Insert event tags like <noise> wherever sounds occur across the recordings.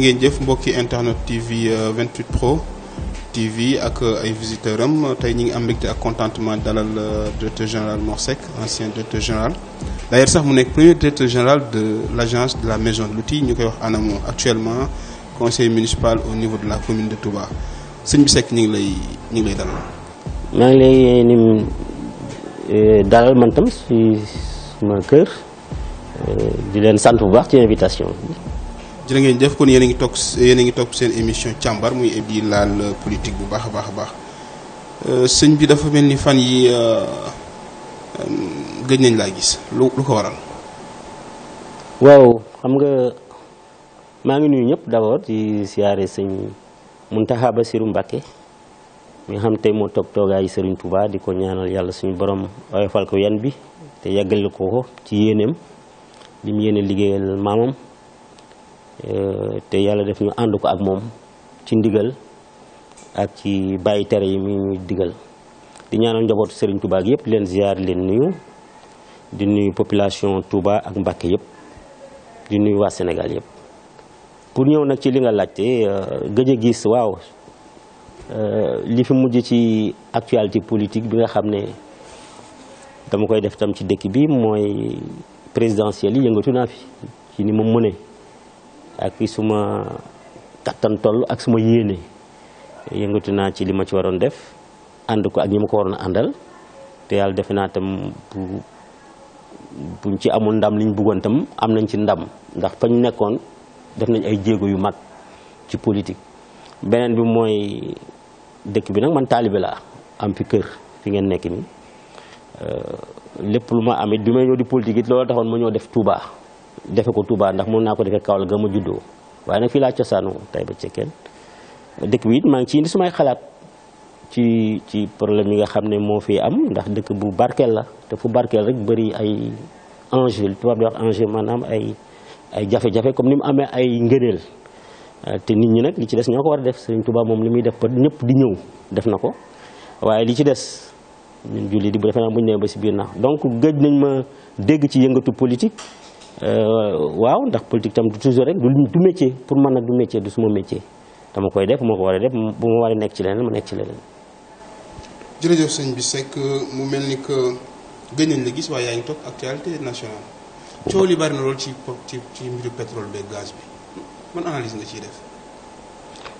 jërë ngeen jëf mbokki internet TV 28 euh, Pro TV ak euh, ay visiteurs am tey ñu ngi am mbégte ak contentement dalal euh, directeur général Mor Seck ancien directeur général d'ailleurs sax mu nekk premier directeur général de l'agence de la maison de l'outil ñu koy wax ANAMO actuellement conseil municipal au niveau de la commune de Touba sëñ bi Seck ñu ngi lay ñu ngi lay dalal. maa ngi man tam si ma kër di leen sant bu baax ci invitation jërë ngeen jëf kon yéen a ngi toog yéen a ngi toog seen émission càmbar muy di laal politique bu baax a baax a baax euh, sëñ bi dafa mel ni fan yi euh, euh, gëj nañ laa gis lu lu ko waral. waaw xam nga maa ngi nuyu ñëpp d'abord di siyaare sëñ taxaa ba Basiru Mbàkke mu nga xam tey moo toog toogaayu Sëriñ Tuubaa di ko ñaanal yàlla suñu borom oyofal ko yan bi te yàggal ko ko ci yéeneem lim yéene liggéeyal maamam. Euh, te yàlla def ñu ànd ko ak moom ci ndigal ak ci bàyyi tere yi mu ñuy digal di ñaanal njabootu Serigne Touba gi yëpp leen ziar leen nuyu di nuyu population Touba ak Mbacké yëpp di nuyu waa Sénégal yëpp. pour ñëw nag ci li nga laajte euh, gëj a gis waaw euh, li fi mujj ci actualité politique bi nga xam ne dama koy def tam ci dëkk bi mooy présidentielle yi yëngatu naa fi ci ni ma mënee. ak fi suma kattan toll ak suma yéene yëngatu naa ci li ma ci waroon def ànd ko ak ñi ma ko waroon àndal te yàlla defe naa tam bu buñ ci amul ndam liñ buggoon tam am nañ ci ndam ndax fa nekkoon def nañ ay jéego yu mag ci politique. beneen bi mooy dëkk bi nag man taalibe laa am fi kër fi ngeen nekk nii lépp lu ma am it bi may ñëw di politique it loolu taxoon ma ñëw def Touba. defe ko Touba ndax mën naa ko defee Kaolack ga ma juddoo waaye nag fii laa cosaanu tay ba cekkeen dëkk bi it maa ngi ci indi sumay xalaat ci ci problème yi nga xam ne moo fi am ndax dëkk bu barkeel la te fu barkeel rek bari ay enjeu li tubaab di wax enjeu maanaam ay ay jafe-jafe comme ni mu amee ay ngëneel euh, te nit ñi nag li ci des ñoo ko war a def Sëriñ Touba moom li muy def ba ñépp di ñëw def na ko waaye li ci des ñun julli di bu defe naa bu ñu ba si biir na donc gëj Euh, waaw ndax politique tam toujours rek du métier pour man na du métier du suma métier dama koy def moo ko war a def bu ma war a nekk ci leneen ma nekk ci leneen. jërëjëf mu mel ni que gëj nañ la gis waaye yaa ngi toog ci ci ci mbiru bi man analyse ciy def.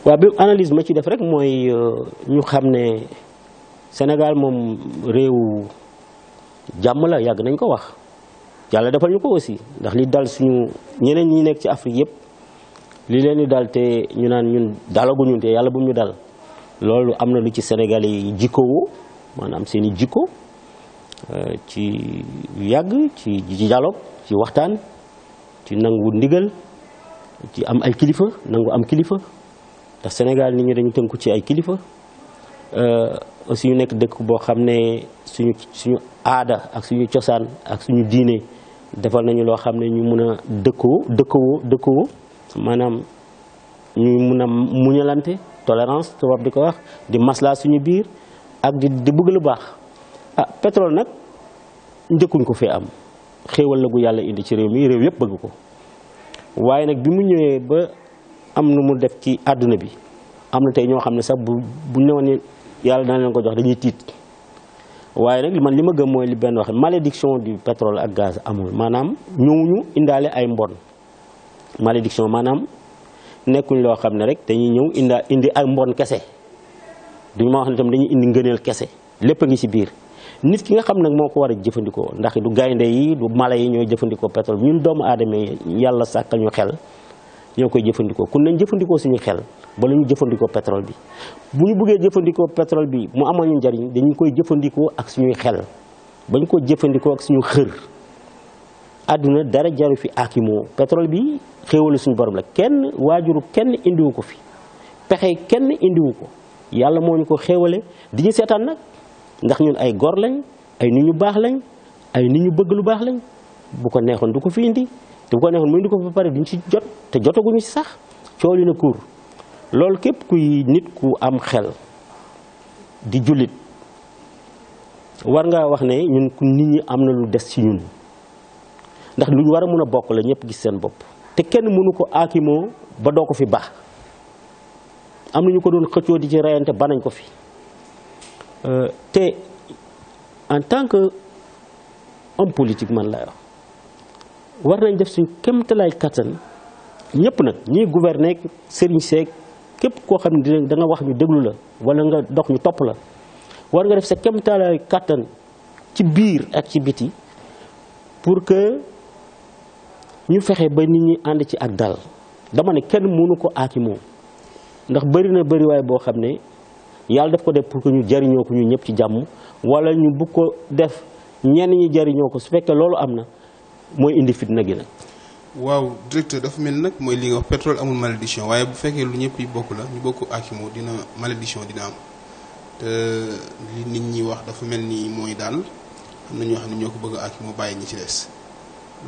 waaw bi analyse ma ci def rek mooy euh, ñu xam ne Sénégal moom réew jàmm la yàgg nañ ko wax yàlla defal ñu ko aussi ndax li dal suñu ñeneen ñi nekk ci Afrique yëpp li leen di dal te ñu naan ñun dalaguñu te yàlla bu ñu dal loolu am na lu ci Sénégalais yi jikkoo maanaam seeni jikko euh, ci yàgg ci ci ci waxtaan ci nangu ndigal ci am ay kilifa nangu am kilifa ndax Sénégal nit ñi dañu tënku ci ay kilifa euh, aussi ñu nekk dëkk boo xam ne suñu suñu aada ak suñu cosaan ak suñu diine. defal nañu loo xam ne ñu mun a dëkkoo dëkkoo dëkkoo maanaam ñu mun a muñalante tolerance tubaab di ko wax di maslaa suñu biir ak di di bëgg lu baax ah pétrole nag njëkkuñ ko fi am xéewal la yàlla indi ci réew mi réew yëpp bëgg ko waaye nag bi mu ñëwee ba am nu mu def ci àdduna bi am na tey ñoo xam ne sax bu bu newoon yàlla dana leen ko jox dañuy tiit waaye nag man li ma gëm mooy li benn wax malédiction du pétrole ak gaz amul maanaam ñëwuñu indaale ay mbon malédiction maanaam nekkuñ loo xam ne rek dañuy ñëw indaa indi ay mbon kese duñu ma wax ne tam dañuy indi ngëneel kese lépp a ngi ci biir nit ki nga xam nag moo ko war a jëfandikoo ndax du gaynde yi du mala yi ñooy jëfandikoo pétrole ñun doomu aadama yàlla sàkkal ñu xel ñoo koy jëfandikoo kun nañ jëfandikoo suñu xel bala ñu jëfandikoo pétrole bi bu ñu buggee jëfandikoo pétrole bi mu amal ñu njariñ dañu koy jëfandikoo ak suñuy xel bañ ko jëfandikoo ak suñu xër àdduna dara jaru fi aakimoo pétrole bi xéewalu suñu borom la kenn waajuru kenn indiwu ko fi pexe kenn indiwu ko yàlla moo ñu ko xéewale di ñu seetaan nag ndax ñun ay gor lañ ay nit ñu baax lañ ay nit ñu bëgg lu baax lañ bu ko neexoon du ko fi indi te bu ko neexoon mu indi ko ba pare duñ ci jot te jotaguñu ci sax coow li na kuur loolu képp kuy nit ku am xel di jullit war nga wax ne ñun nit ñi am na lu des ci ñun ndax luñ war a mën a bokk la ñëpp gis seen bopp te kenn mënu ko aakimoo ba doo ko fi baax am na ñu ko doon xëccoo di ci reyante ba nañ ko fi euh, te en tant que homme politique man lay wax war nañ def suñ kéemtalaay kattan ñëpp nag ñiy gouverner sëriñ seeg képp koo xam ne da nga wax ñu déglu la wala nga dox ñu topp la war nga def sa kéemtalaay kàttan ci biir ak ci biti pour que ñu fexe ba nit ñi ànd ci ak dal dama ne kenn mënu ko aaki moom ndax bëri na bëriwaay boo xam ne yàlla def ko def pour que ñu jariñoo ko ñu ñëpp ci jàmm wala ñu bugg ko def ñenn ñi jariñoo ko su fekkee loolu am na mooy indi fitna gi nag. waaw directeur dafa mel nag mooy li nga wax pétrole amul malédiction waaye bu fekkee lu ñëpp yi bokk la ñu bokk akimoo dina malédiction dina am te li nit ñi wax dafa mel nii mooy daal am na ñoo xam ne ñoo ko bëgg a akimoo bàyyi ñi ci des.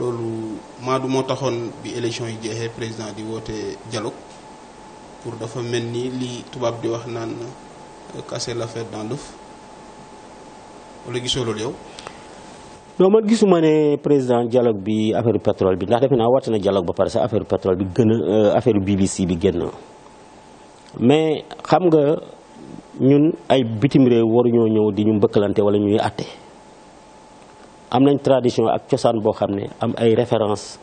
loolu maadu moo taxoon bi élection yi jeexee président di wootee dialogue pour dafa mel ni li tubaab di wax naan euh, casser l'affaire dans l'œuf wala gisoo loolu yow. non man gisuma ne président dialogue bi affaire pétrole bi ndax defe naa woote na dialogue ba pare sax affaire pétrole bi gën euh, affaire BBC bi génn mais xam nga ñun ay bitim réew waruñoo ñëw di ñu mbëkkalante wala ñuy àtte am nañ tradition ak cosaan boo xam ne am ay référence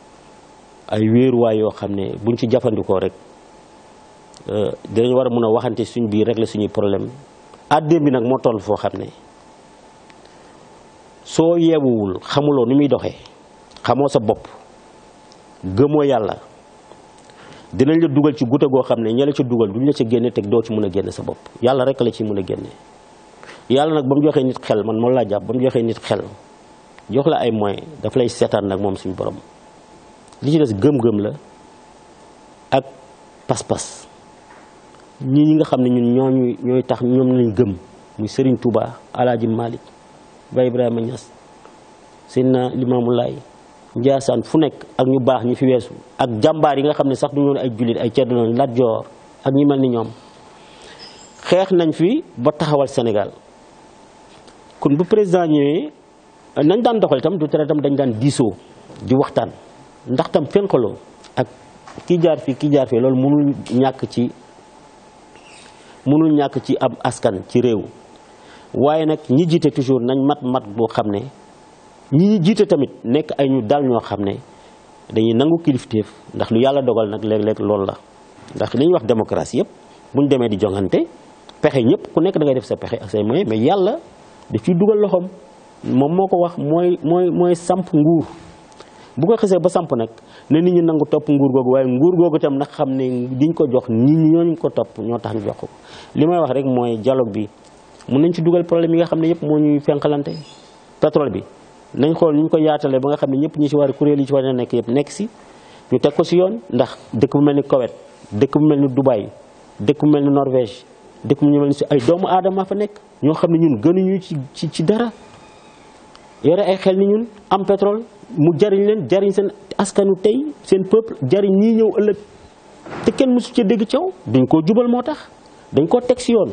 ay wéeruwaay yoo xam ne buñ ci jafandikoo rek euh, danañ war a mun a waxante suñu biir rek la suñuy problème àddee bi nag moo toll foo xam ne soo yeewuwul xamuloo nu muy doxee xamoo sa bopp gëmoo yàlla dinañ la dugal ci gute goo xam ne ña ci dugal duñ la ca génne teg doo ci mun a génne sa bopp yàlla rek la ci mun a génne yàlla nag ba mu joxee nit xel man moom laa jàpp ba mu joxee nit xel jox la ay moyens daf lay seetaan nag moom suñu borom li ci des gëm-gëm la ak pas-pas ñi ñi nga xam ne ñun ñooñu ñooy tax ñoom lañ gëm muy sëriñ tubaa Alaaji Malick Baye Ibrahima Niass Seydina Limaamu Laay Njaasaan fu nekk ak ñu baax ñi fi weesu ak jàmbaar yi nga xam ne sax du ñoon ay jullit ay ceddu noonu Lat Joor ak ñi mel ni ñoom xeex nañ fi ba taxawal Sénégal kon bu président ñëwee nañ daan doxal itam du tere tam dañ daan diisoo di waxtaan ndax tam fenkaloo ak kii jaar fii kii jaar fii loolu mënul ñàkk ci mënul ñàkk ci ab askan ci réew waaye nag ñi jiite toujours nañ mat mat boo xam ne ñi ñi jiite tamit nekk ay ñu dal ñoo xam ne dañuy nangu kilifteef ndax lu yàlla dogal nag léeg-léeg loolu la ndax li ñuy wax démocratie yëpp bu demee di jongante pexe ñëpp ku nekk da ngay def sa pexe ak say ma yàlla daf ciy dugal loxoom moom moo ko wax mooy mooy mooy samp nguur bu ko xesee ba samp nag ne nit ñi nangu topp nguur googu waaye nguur googu itam nag xam ne diñ ko jox nit ñi ñooñu ko topp ñoo tax ñu jox li may wax rek mooy dialogue bi mun nañ ci dugal problème bi nga xam ne yëpp moo ñuy fenqalante pétrole bi nañ xool ñu ko yaatalee ba nga xam ne ñëpp ñu ci war kuréel yi ci war a nekk yëpp nekk si ñu teg ko si yoon ndax dëkk bu mel ni Koweït dëkk bu mel ni Dubaï dëkk bu mel ni Norvège dëkk bu mel ni si ay doomu aadama fa nekk ñoo xam ne ñun gënuñu ci ci ci dara yore ay xel ni ñun am pétrole mu jariñ leen jariñ seen askanu tey seen peuple jariñ ñii ñëw ëllëg te kenn mësu ci dégg caw dañ koo jubal moo tax dañ ko teg si yoon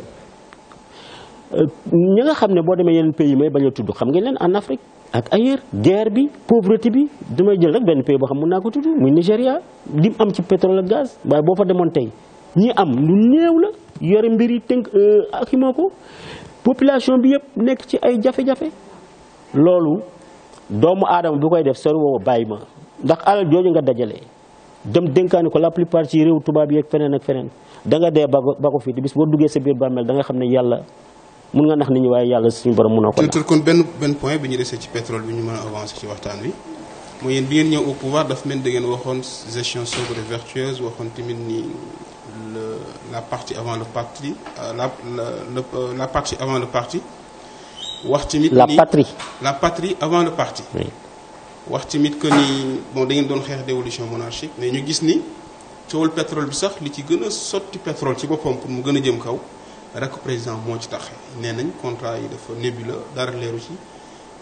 ñi nga xam ne boo demee yeneen pays may bañ a tudd xam ngeen leen en Afrique ak ailleurs guerre bi pauvreté bi damay jël rek benn pays boo xam mun naa ko tudd muy Nigéria lim am ci pétrole ak gaz waaye boo fa demoon tey ñi am lu néew la yore mbir yi tënk euh, ak ko population bi yëpp nekk ci ay jafe-jafe loolu doomu aadama bu koy def sori woo bàyyi ma ndax alal jooju nga dajale dem dénkaani ko la plupart ci réew tubaab yi ak da nga dee ba ko ba ko fii bis boo duggee sa biir bàmmeel nga xam ne yàlla. mun nga nax nit ñi waaye yàlla suñu borom munoo kon benn benn point bi ñu desee ci pétrole bi ñu mën a avancer ci waxtaan wi mooy yéen bi ngeen ñëw au pouvoir daf mel da ngeen waxoon gestion sobre et vertueuse waxoon tamit ni la partie avant le parti euh, euh, la partie avant le parti. wax tamit la patrie la patrie avant le parti. wax tamit que ni bon da ngeen doon xeex dévolution monarchique mais ñu gis ni coowul pétrole bi sax li ci gën a sotti pétrole ci boppam pour mu gën a jëm kaw. rak président moo ci tax nee nañ contrat yi dafa nébuleux dara leeru ci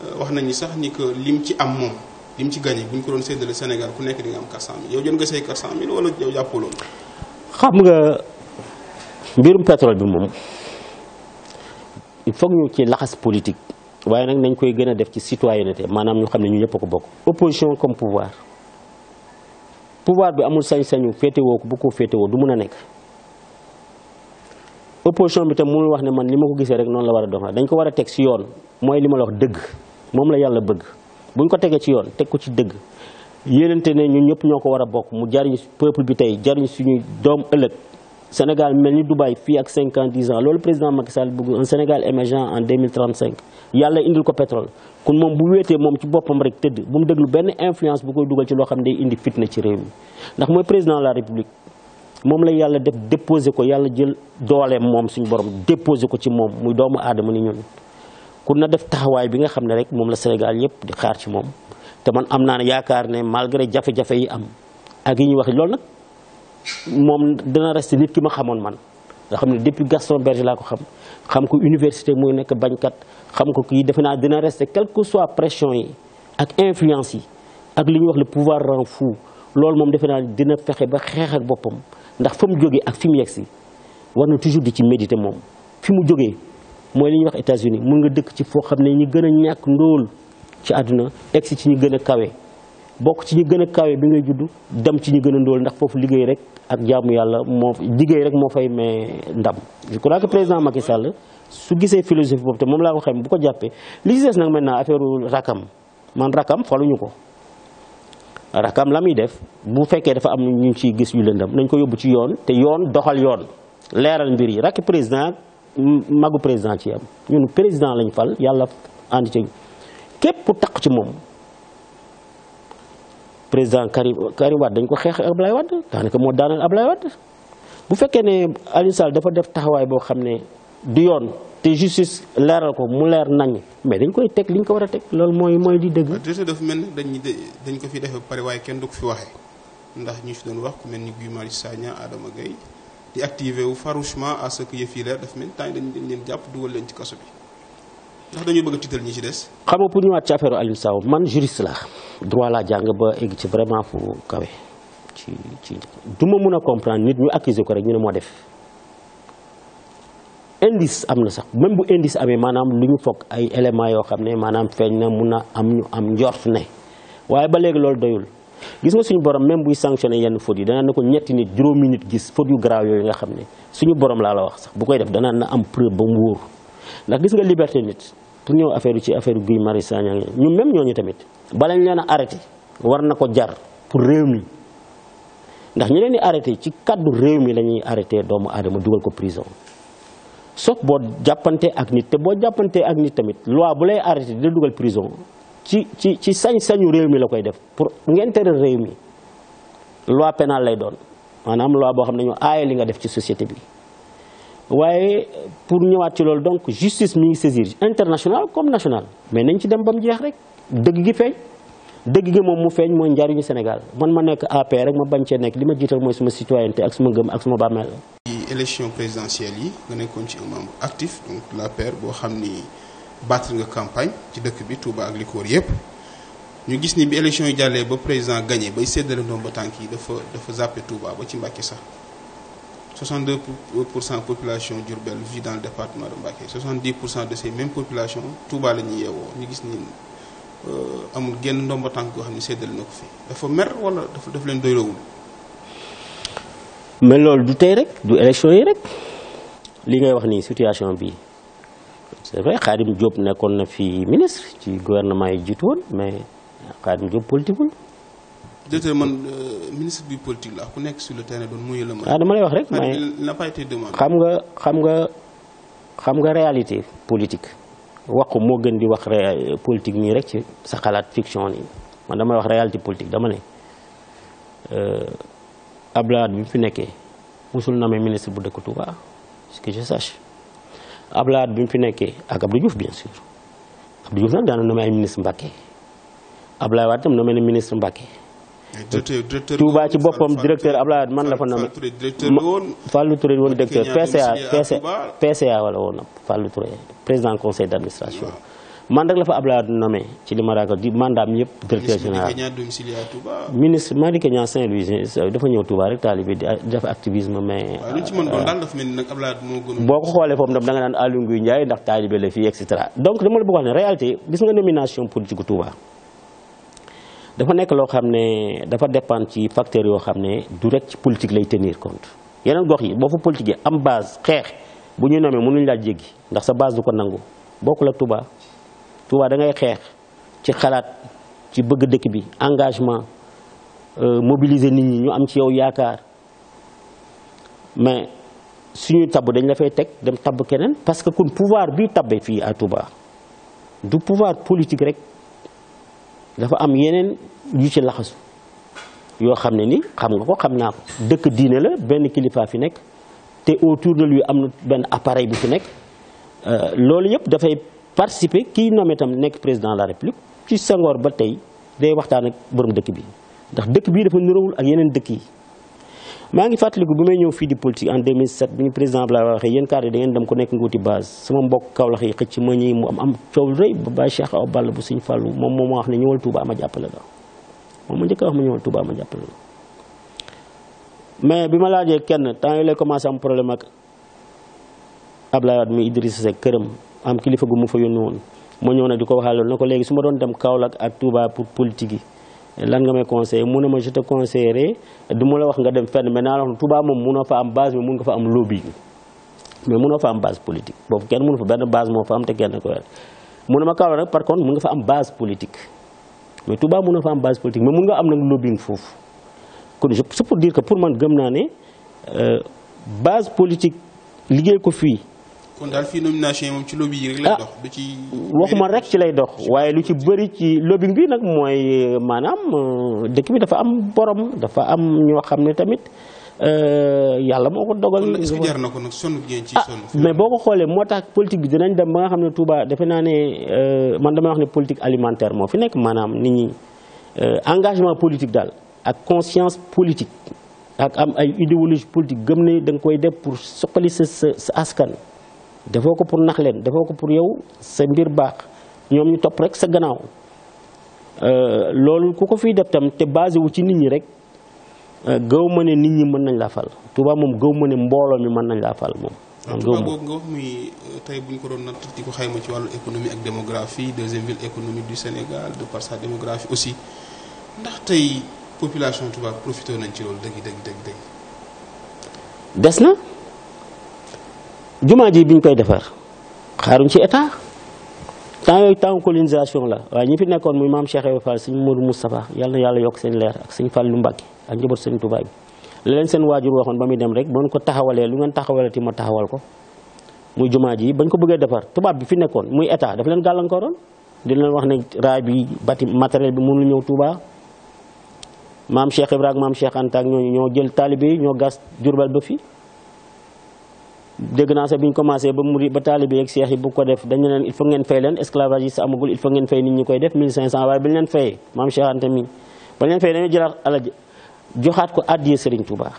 euh, wax nañu sax ni que lim ci am moom lim ci gagné bu ñu ko doon séddale Sénégal ku nekk di nga am 400000 yow jot nga say 400000 wala yow jàppoo loolu. xam nga mbirum pétrole bi moom il ñu ci laxas politique waaye nag nañ koy gën a def ci citoyenneté maanaam ñu xam ne ñu ñëpp ko bokk. opposition comme pouvoir pouvoir bi amul sañ-sañu féetewoo ko bu ko féetewoo du mun a nekk. opposition bi tam mënul wax ne man li ma ko gisee rek noonu la war a doxal dañ ko war a teg ci yoon mooy li ma la wax dëgg moom la yàlla bëgg ñu ko tegee ci yoon teg ko ci dëgg yéenante ne ñun ñëpp ñoo ko war a bokk mu jariñ peuple bi tey jariñ suñuy doom ëllëg Sénégal mel ni Dubaï fii ak 5 ans 10 ans loolu président Macky Sall bëgg un Sénégal émergent en 2035 yàlla indil ko pétrole kon moom bu wéetee moom ci boppam rek tëdd bu mu déglu benn influence bu dugal ci loo xam ne day indi fitna ci réew ndax mooy président de la république moom la yàlla def déposé ko yàlla jël dooleem moom suñu borom déposé ko ci moom muy doomu aadama ni ñun ku na def taxawaay bi nga xam ne rek moom la Sénégal yëpp di xaar ci moom te man am naa ne yaakaar ne malgré jafe-jafe yi am ak yi ñuy wax loolu nag moom dana resté nit ki ma xamoon man nga xam ne depuis Gaston Berger laa ko xam xam ko université muy nekk bañkat xam ko kii defe naa dina resté quel que soit pression yi ak influence yi ak li ñuy wax le pouvoir rend defe naa dina fexe ba xeex ak boppam ndax fa mu jógee ak fi mu yegg si war na toujours di ci méditer moom fi mu jógee mooy li ñuy wax États-Unis mun nga dëkk ci foo xam ne ñi gën a ñàkk ndóol ci àdduna egg ci ñu gën a kawe bokk ci ñu gën a kawe bi ngay judd dem ci ñu gën a ndóol ndax foofu liggéey rek ak jaamu yàlla moo liggéey rek moo fay may ndam je crois que président Macky Sall su gisee philosophie boobu te moom laa ko xam bu ko jàppee li ci des nag maintenant affaire rakam man rakam faluñu ko rakam la muy def bu fekkee dafa am ñu ciy gis yu lëndam nañ ko yóbbu ci yoon te yoon doxal yoon leeral mbir yi rakki président magu président ci ñu ñun président lañ fal yàlla ànd ci képp ku taq ci moom président Karim Karim Wade dañ ko xeex Ablaye Wade daanaka moo daanal Ablaye Wade bu fekkee ne Aliou dafa def taxawaay boo xam ne du yoon te justice leeral ko mu leer nañ mais dañ koy teg li ñu ko war a teg loolu mooy mooy di dëgg. waaw dafa mel ni dañ ko fi defee pare waaye kenn du ko fi waxe ndax ñu si doon wax ku mel ni Guy Marius Sagna Adama Gueye di activé wu farouchement à ce que yëf yi mel temps dañ leen jàpp dugal leen ci kaso bi ndax dañu bëgg a tiital ñu ci des. xam nga pour ñëwaat ci affaire Alioune Sow man juriste la droit laa jàng ba egg ci vraiment fu kawe ci ci du ma mën a comprendre nit ñu accuser ko rek ñu ne moo def. indice am na sax même bu indice amee maanaam lu ñu foog ay éléments yoo xam ne maanaam feeñ na mun na am ñu am njort ne waaye ba léegi loolu doyul gis nga suñu borom même buy sanctionné yenn fautes yi danaan na ko ñetti nit juróomi nit gis fautes yu grave yooyu nga xam ne suñu borom laa la wax bu koy def danaan na am preuve ba mu wóor ndax gis nga liberté nit pour ñëw affaire ci affaire Guy Marius Sagna ñu même ñooñu tamit balañ leen a arrêté war na ko jar pour réew mi ndax ñu leen di arrêté ci kàddu réew mi lañuy ñuy arrêté doomu aadama dugal ko prison sauf boo jàppante ak nit te boo jàppante ak nit tamit loi bu lay arrêté di dugal prison ci ci ci sañ-sañu réew mi la koy def pour ngeen tere réew mi loi pénale lay doon maanaam loi boo xam ne ñoo aaye li nga def ci société bi waaye pour ñëwaat ci lool donc justice mi ngi saisir international comme national mais nañ ci dem ba mu jeex rek dëgg gi feeñ dëgg gi moom mu feeñ mooy njariñu Sénégal man ma nekk APR rek ma bañ cee nekk li ma jiital mooy suma citoyenneté ak suma gëm ak suma bàmmeel élection présidentielle yi nga nekkoon ci un membre actif donc l'APR boo xam ni battre nga campagne ci dëkk bi Touba ak li ko yëpp ñu gis ni bi élection yi jàllee ba président gagné bay séddale ndomba tànk yi dafa dafa zappé Touba ba ci Mbacké sax 62 euh, pour cent population Diourbel vit dans le département de Mbacké 70 pour cent de ces mêmes populations Touba la ñuy yeewoo ñu gis ni euh, amul genn ndomba tànk goo xam ne séddale na ko fi dafa mer wala dafa daf leen doyloowul mais loolu du tey rek du élection yi rek li ngay wax nii situation bi c'est vrai Khadim nekkoon na fi ministre ci gouvernement yi jiitu woon mais Khadim Diop politique wul. déedéet man euh, ministre bi la ku nekk sur le terrain doon muy la. Ah, dama lay wax rek mais n'a pas été xam nga xam nga xam nga réalité politique wax moo gën di wax politique nii rek ci sa xalaat fiction nii man damay wax réalité politique dama ne. Euh, Abdoulaye Wade bi mu fi nekkee musul namee ministre bu dëkk Touba ce que je bi mu fi nekkee ak Abdou Diouf bien sûr Abdou Diouf nag daana namee ay ministre Mbàkke Abdoulaye Wade tam namee ne ministre Mbàkke Touba ci boppam directeur Abdoulaye Wade man la fa namee Fallou Touré woon directeur PCA PCA wala woon na Fallou Touré président conseil d'administration man rek la fa Abdoulaye nommé ci li ma ragal di mandaam yëpp directeur général ministre Madické Niang Saint-Louis dafa ñëw Touba rek taalibe di def activisme mais boo ko xoolee foofu ndam da daan naan Aliou Ngouye Ndiaye ndax taalibe la fii et cetera donc dama la bëgg wax ne réalité gis nga nomination politique u dafa nekk loo xam ne dafa dépendre ci facteur yoo xam ne du rek ci politique lay tenir compte yeneen gox yi boo fa politique am base xeex bu ñu nommé mënuñu laa jéggi ndax sa base du ko nangu bokkul ak Touba suba da ngay xeex ci xalaat ci bëgg dëkk bi engagement euh, mobiliser nit ñu am ci yow yaakaar mais suñu tabb dañ la fay teg dem tab keneen parce que kun pouvoir bi tabbe fii à Touba du pouvoir politique rek dafa am yeneen yu ci laxasu yoo xam ne ni xam nga ko xam naa ko dëkk diine la benn kilifa fi nekk te autour de lui am na benn appareil bu fi nekk euh, loolu yëpp dafay participer ki nommé itam nekk président de la république ci Senghor ba tey day waxtaan ak borom dëkk bi ndax dëkk bii dafa niroowul ak yeneen dëkk yi. maa ngi fàttaliku bi may ñëw fii di politique en 2007 bi ñu président Abdoulaye waxee yéen cadre da ngeen dem ku nekk nga wuti base sama mbokk Kaolack yi xëcc ma ñëw mu am am coow lu rëy ba Baye Cheikh Awa Balla bu a wax mais bi ma laajee kenn temps yii lay commencé am problème ak Abdoulaye Wade muy Idrissa Seck këram am kilifa gu mu fa yónni woon ma ñëw nag di ko waxal loolu na ko léegi su ma doon dem Kaolack ak Touba pour politique yi lan nga may conseillé mu ne ma je te conseillerais du ma la wax nga dem fenn mais naa la wax moom munoo fa am base mais mun nga fa am lobby mais munoo fa am base politique boobu kenn mënu fa benn base moo am te kenn ko yor mu ne par contre mun nga fa am base politique mais Touba munoo fa am base politique mais mun nga am nag lobbying foofu kon c'est pour dire que pour man gëm naa ne euh, base politique liggéey ko fii. kon daal fii nomination yi moom ci lobby rek ah, ci waxuma rek ci lay dox waaye lu ci bëri ci lobby bi nag mooy euh, maanaam euh, dëkk bi dafa am borom dafa am ñoo xam ne tamit euh, yàlla moo ko dogal. est-ce na ko nag sonn ah, mais boo ko xoolee moo tax politique bi dinañ dem ba nga xam ne Touba defe naa ne man dama wax ne politique alimentaire moo fi nekk maanaam nit ñi engagement politique daal ak conscience politique ak am ay idéologie politique gëm ne da nga koy def pour soqali sa sa askan. defoo ko pour nax leen defoo ko pour yow sa mbir baax ñoom ñu topp rek sa gannaaw euh, loolu ku ko fii def tam te basé ci nit ñi rek euh, gëw ma ne nit ñi mën nañ laa fal Touba moom gëw ma ne mbooloo mi mën nañ laa fal moom. am nga wax muy euh, tey bu ñu ko doon natt di ko xayma ci wàllu économie ak démographie deuxième ville économique du Sénégal de par sa démographie aussi ndax tey population Touba profité nañ ci loolu dëgg dëgg dëgg dëgg. des na. jumaa ji biñ koy defar xaaruñ ci état temps yooyu temps colonisation la waaye ñi fi nekkoon muy maam Cheikh Ibra Fall sëñ Modou Moustapha yàlla na yàlla yokk seen leer ak sëñ Fallu Mbàkke ak njaboot sëñ Tuubaa bi la leen seen waajur waxoon ba muy dem rek bon ko taxawalee lu ngeen taxawalati ma taxawal ko muy jumaa ji bañ ko bëggee defar tubaab bi fi nekkoon muy état daf leen gàllankooroon di leen wax ne raay bi bati matériel bi mënul ñëw Tuubaa maam Cheikh Ibra ak maam ñooñu ñoo jël taalibe yi ñoo gas Jurbel ba dégg naa sax bi ñu commencé ba muri ba taalibe ak seex yi bu ko def dañu leen il faut ngeen fay leen esclavagiste amagul il faut ngeen fay nit ñi koy def 1500 waaye bi ñu leen fayee maam ba ñu joxaat ko addiye Serigne Touba.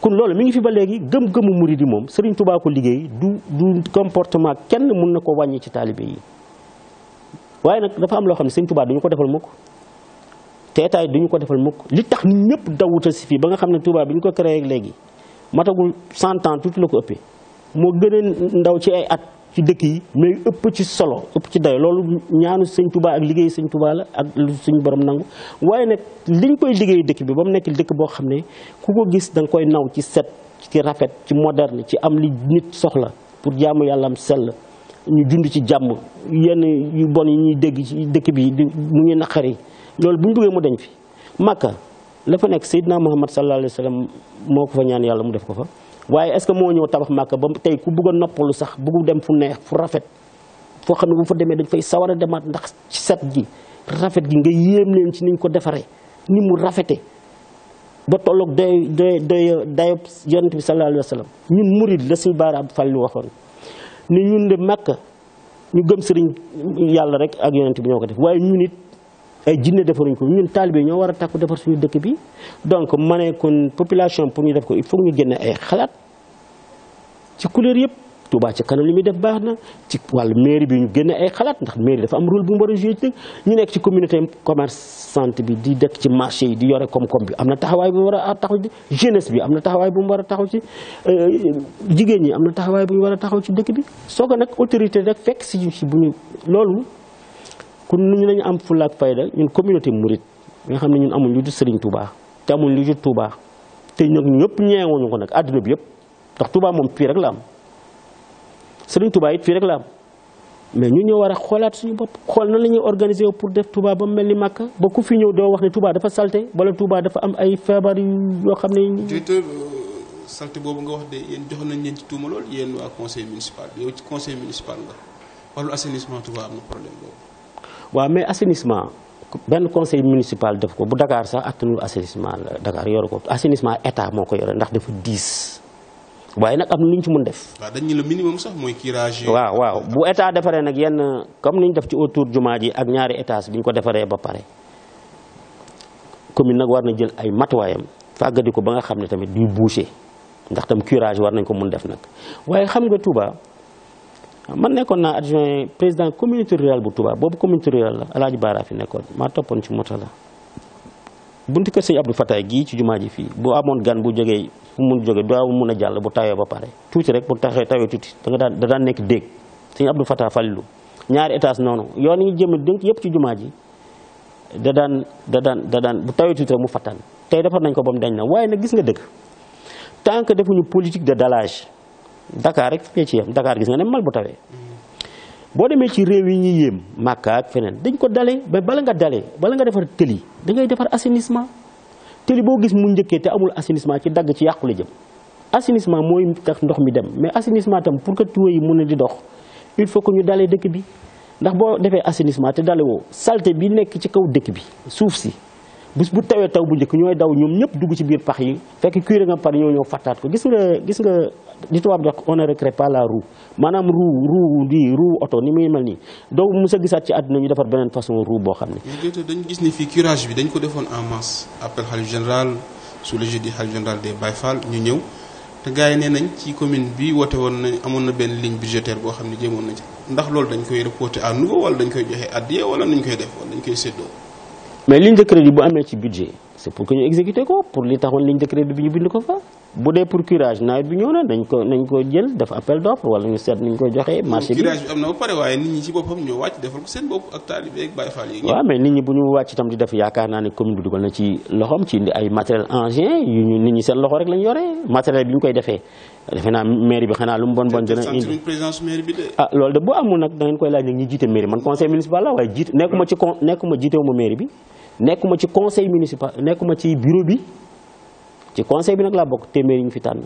kon loolu mi ngi fi ba léegi gëm-gëmu muridi moom Serigne Touba ko liggéey du du comportement kenn mun na ko wàññi ci taalibe yi waaye nag dafa am loo xam ne Serigne tubaa duñu ko defal mukk te duñu ko defal mukk li tax nit ñëpp dawuta si fii ba nga xam ne Touba bi ñu ko créé léegi matagul 100 ans la ko ëppee. moo gën a ndaw ci ay at ci dëkk yi mais ëpp ci solo ëpp ci dayo loolu ñaanu sëñ Touba ak liggéey sëñ Touba la ak lu suñ borom nangu waaye nag liñ koy liggéey dëkk bi ba mu nekk dëkk boo xam ne ku ko gis danga koy naw ci set ci rafet ci moderne ci am li nit soxla pour jàmm yàlla am sell ñu jund ci jàmm yenn yu bon yi ñuy dégg dëkk bi mu ngi naqari loolu bu ñu bëggee mu dañ fi Makka la fa nekk Seydina Muhammad sallallahu alayhi moo ko fa ñaan yàlla mu def ko fa waaye est-ce que moo ñëw tabax màkk ba tey ku bëgg a noppalu sax bëggu dem fu neex fu rafet foo xam ne bu fa demee dañ fay sawar a demaat ndax ci set gi rafet gi nga yéem leen ci ñu ko defaree ni mu rafete ba tolloog day day day dayob yonent bi sallallahu alayhi wa sallam ñun murid la suñ baaraab fàlli waxoon ni ñun de màkk ñu gëm sëriñ yàlla rek ak yonent bi ñoo ko def waaye ñun it ay jinne defaruñ ko ñun taalibe ñoo war a takku defar suñu dëkk bi donc ma kon population pour ñu def ko il faut ñu génne ay xalaat ci couleur yëpp Touba ci kanam li muy def baax na ci wàllu mairie bi ñu génne ay xalaat ndax mairie dafa am rôle bu mu war a joué ñu nekk ci bi di dëkk ci marché yi di yore koom bi am na taxawaay bu mu war a taxaw ci bi am na taxawaay bu mu war a taxaw ci euh, jigéen ñi am na taxawaay bu ñu war a taxaw ci dëkk bi soo ko nag autorité rek fekk si bu ñu loolu kon ñu nañu am fulla ak fayda ñun communauté Mouride nga xam ne ñun amul lu dul Serigne Touba te amul lu dul Touba te ñoom ñëpp ñeewuñu ko nag àdduna bi yëpp ndax Touba moom fii rek la am Serigne Touba it rek la am mais ñu ñëw war a xoolaat suñu bopp xool na la ñuy organiser pour def Touba ba mel ni Màkka ba ku fi ñëw doo wax ne Touba dafa salté wala Touba dafa am ay feebar yoo xam ne. directeur euh, boobu nga wax de yéen jox nañ leen ci tuuma lool yéen waa conseil municipal yow ci conseil waaw mais assainissement benn conseil municipal def ko bu dakaar sax attanul assainissement Dakar yor ko assainissement état moo ko yore ndax dafa diis waaye nag am na lu ñu ci mun def. waaw dañ ñu le minimum sax mooy curage. waaw waaw bu état defaree nag yenn comme ni ñu def ci autour jumaa ji ak ñaari étage bi ñu ko defaree ba pare commune nag war na jël ay matuwaayam fàggadi ko ba nga xam ne tamit duy boucher ndax tam curage war nañ ko mun def nag waaye xam nga Touba. man nekkoon naa adjoint président communauté rurale bu Touba boobu communauté rurale la Alaaji Baara fi nekkoon maa toppoon ci moto la buntu kër sëñ Abdou Fatah gii ci jumaa ji fii bu amoon gan bu jógee bu mun jógee doo mun a jàll bu tawee ba pare tuuti rek bu taxee tawee tuuti da nga daan nekk dégg sëñ Abdou Fatah falilu ñaari étage noonu yoon yi jëm dénk yëpp ci jumaa ji da daan da daan da daan bu tawee tuuti rek mu fattaan tey defar nañ ko ba mu dañ na waaye nag gis nga dëgg tant que defuñu politique de dallage Dakar rek ñoo ci yem Dakar gis nga ne mal bu tawee boo demee ci réew yi ñu yéem Màkka ak feneen dañ ko dalee mais bala nga dalee bala nga defar tëli da ngay defar assainissement tëli boo gis mu njëkkee te amul assainissement ci dagg ci yàqule jëm assainissement mooy tax ndox mi dem mais assainissement tam pour que tuyaux yi mën a di dox il faut que ñu dalee dëkk bi ndax boo defee assainissement te dalewoo salte bi nekk ci kaw dëkk bi suuf si bés bu tawee taw bu njëkk ñooy daw ñoom ñëpp dugg ci biir pax yi fekk cuire nga par ñoo ñoo fattaat ko gis nga gis nga di tubaab dox on ne recrée la roue maanaam roue roue di roue oto ni muy mel nii doo mos a gisaat ci àdduna ñu defar beneen façon roue boo xam ne. ñu dañu gis ni fii curage bi dañ ko defoon en masse appel xalif général sous le jeu du xalif général des Baye Fall ñu ñëw te gars yi nee nañ ci commune bi woote woon na amoon na benn ligne budgétaire boo xam ne jéemoon na ci ndax loolu dañ koy reporté à nouveau koy joxe addiya wala nañ koy def wala mais ligne de crédit bu amee ci budget c'est pour que ñu exécuter ko pour li taxoon ligne de crédit bi ñu bind ko fa bu dee pour curage nawet bi ko nañ ko jël def appel d'offre wala ñu seet ni koy joxee ko seen bopp ak taalibe bu ñu wàcc itam di def yaakaar naa ne commune bi dugal na ci loxoom ci indi ay matériel engin yu ñu nit ñi seen loxo rek lañu yore matériel bi ñu koy defee defe naa mairie bi xanaa lu mu bon bon dina indi présidence mairie bi de ah loolu de bu amul nag da ngeen koy laaj nag ñi jiite mairie man conseil municipal la waaye jiite nekkuma ci nekkuma jiitewuma mairie bi nekkuma ci conseil municipal nekkuma ci bureau bi ci conseil bi nag laa bokk téeméer yi ñu fi tànn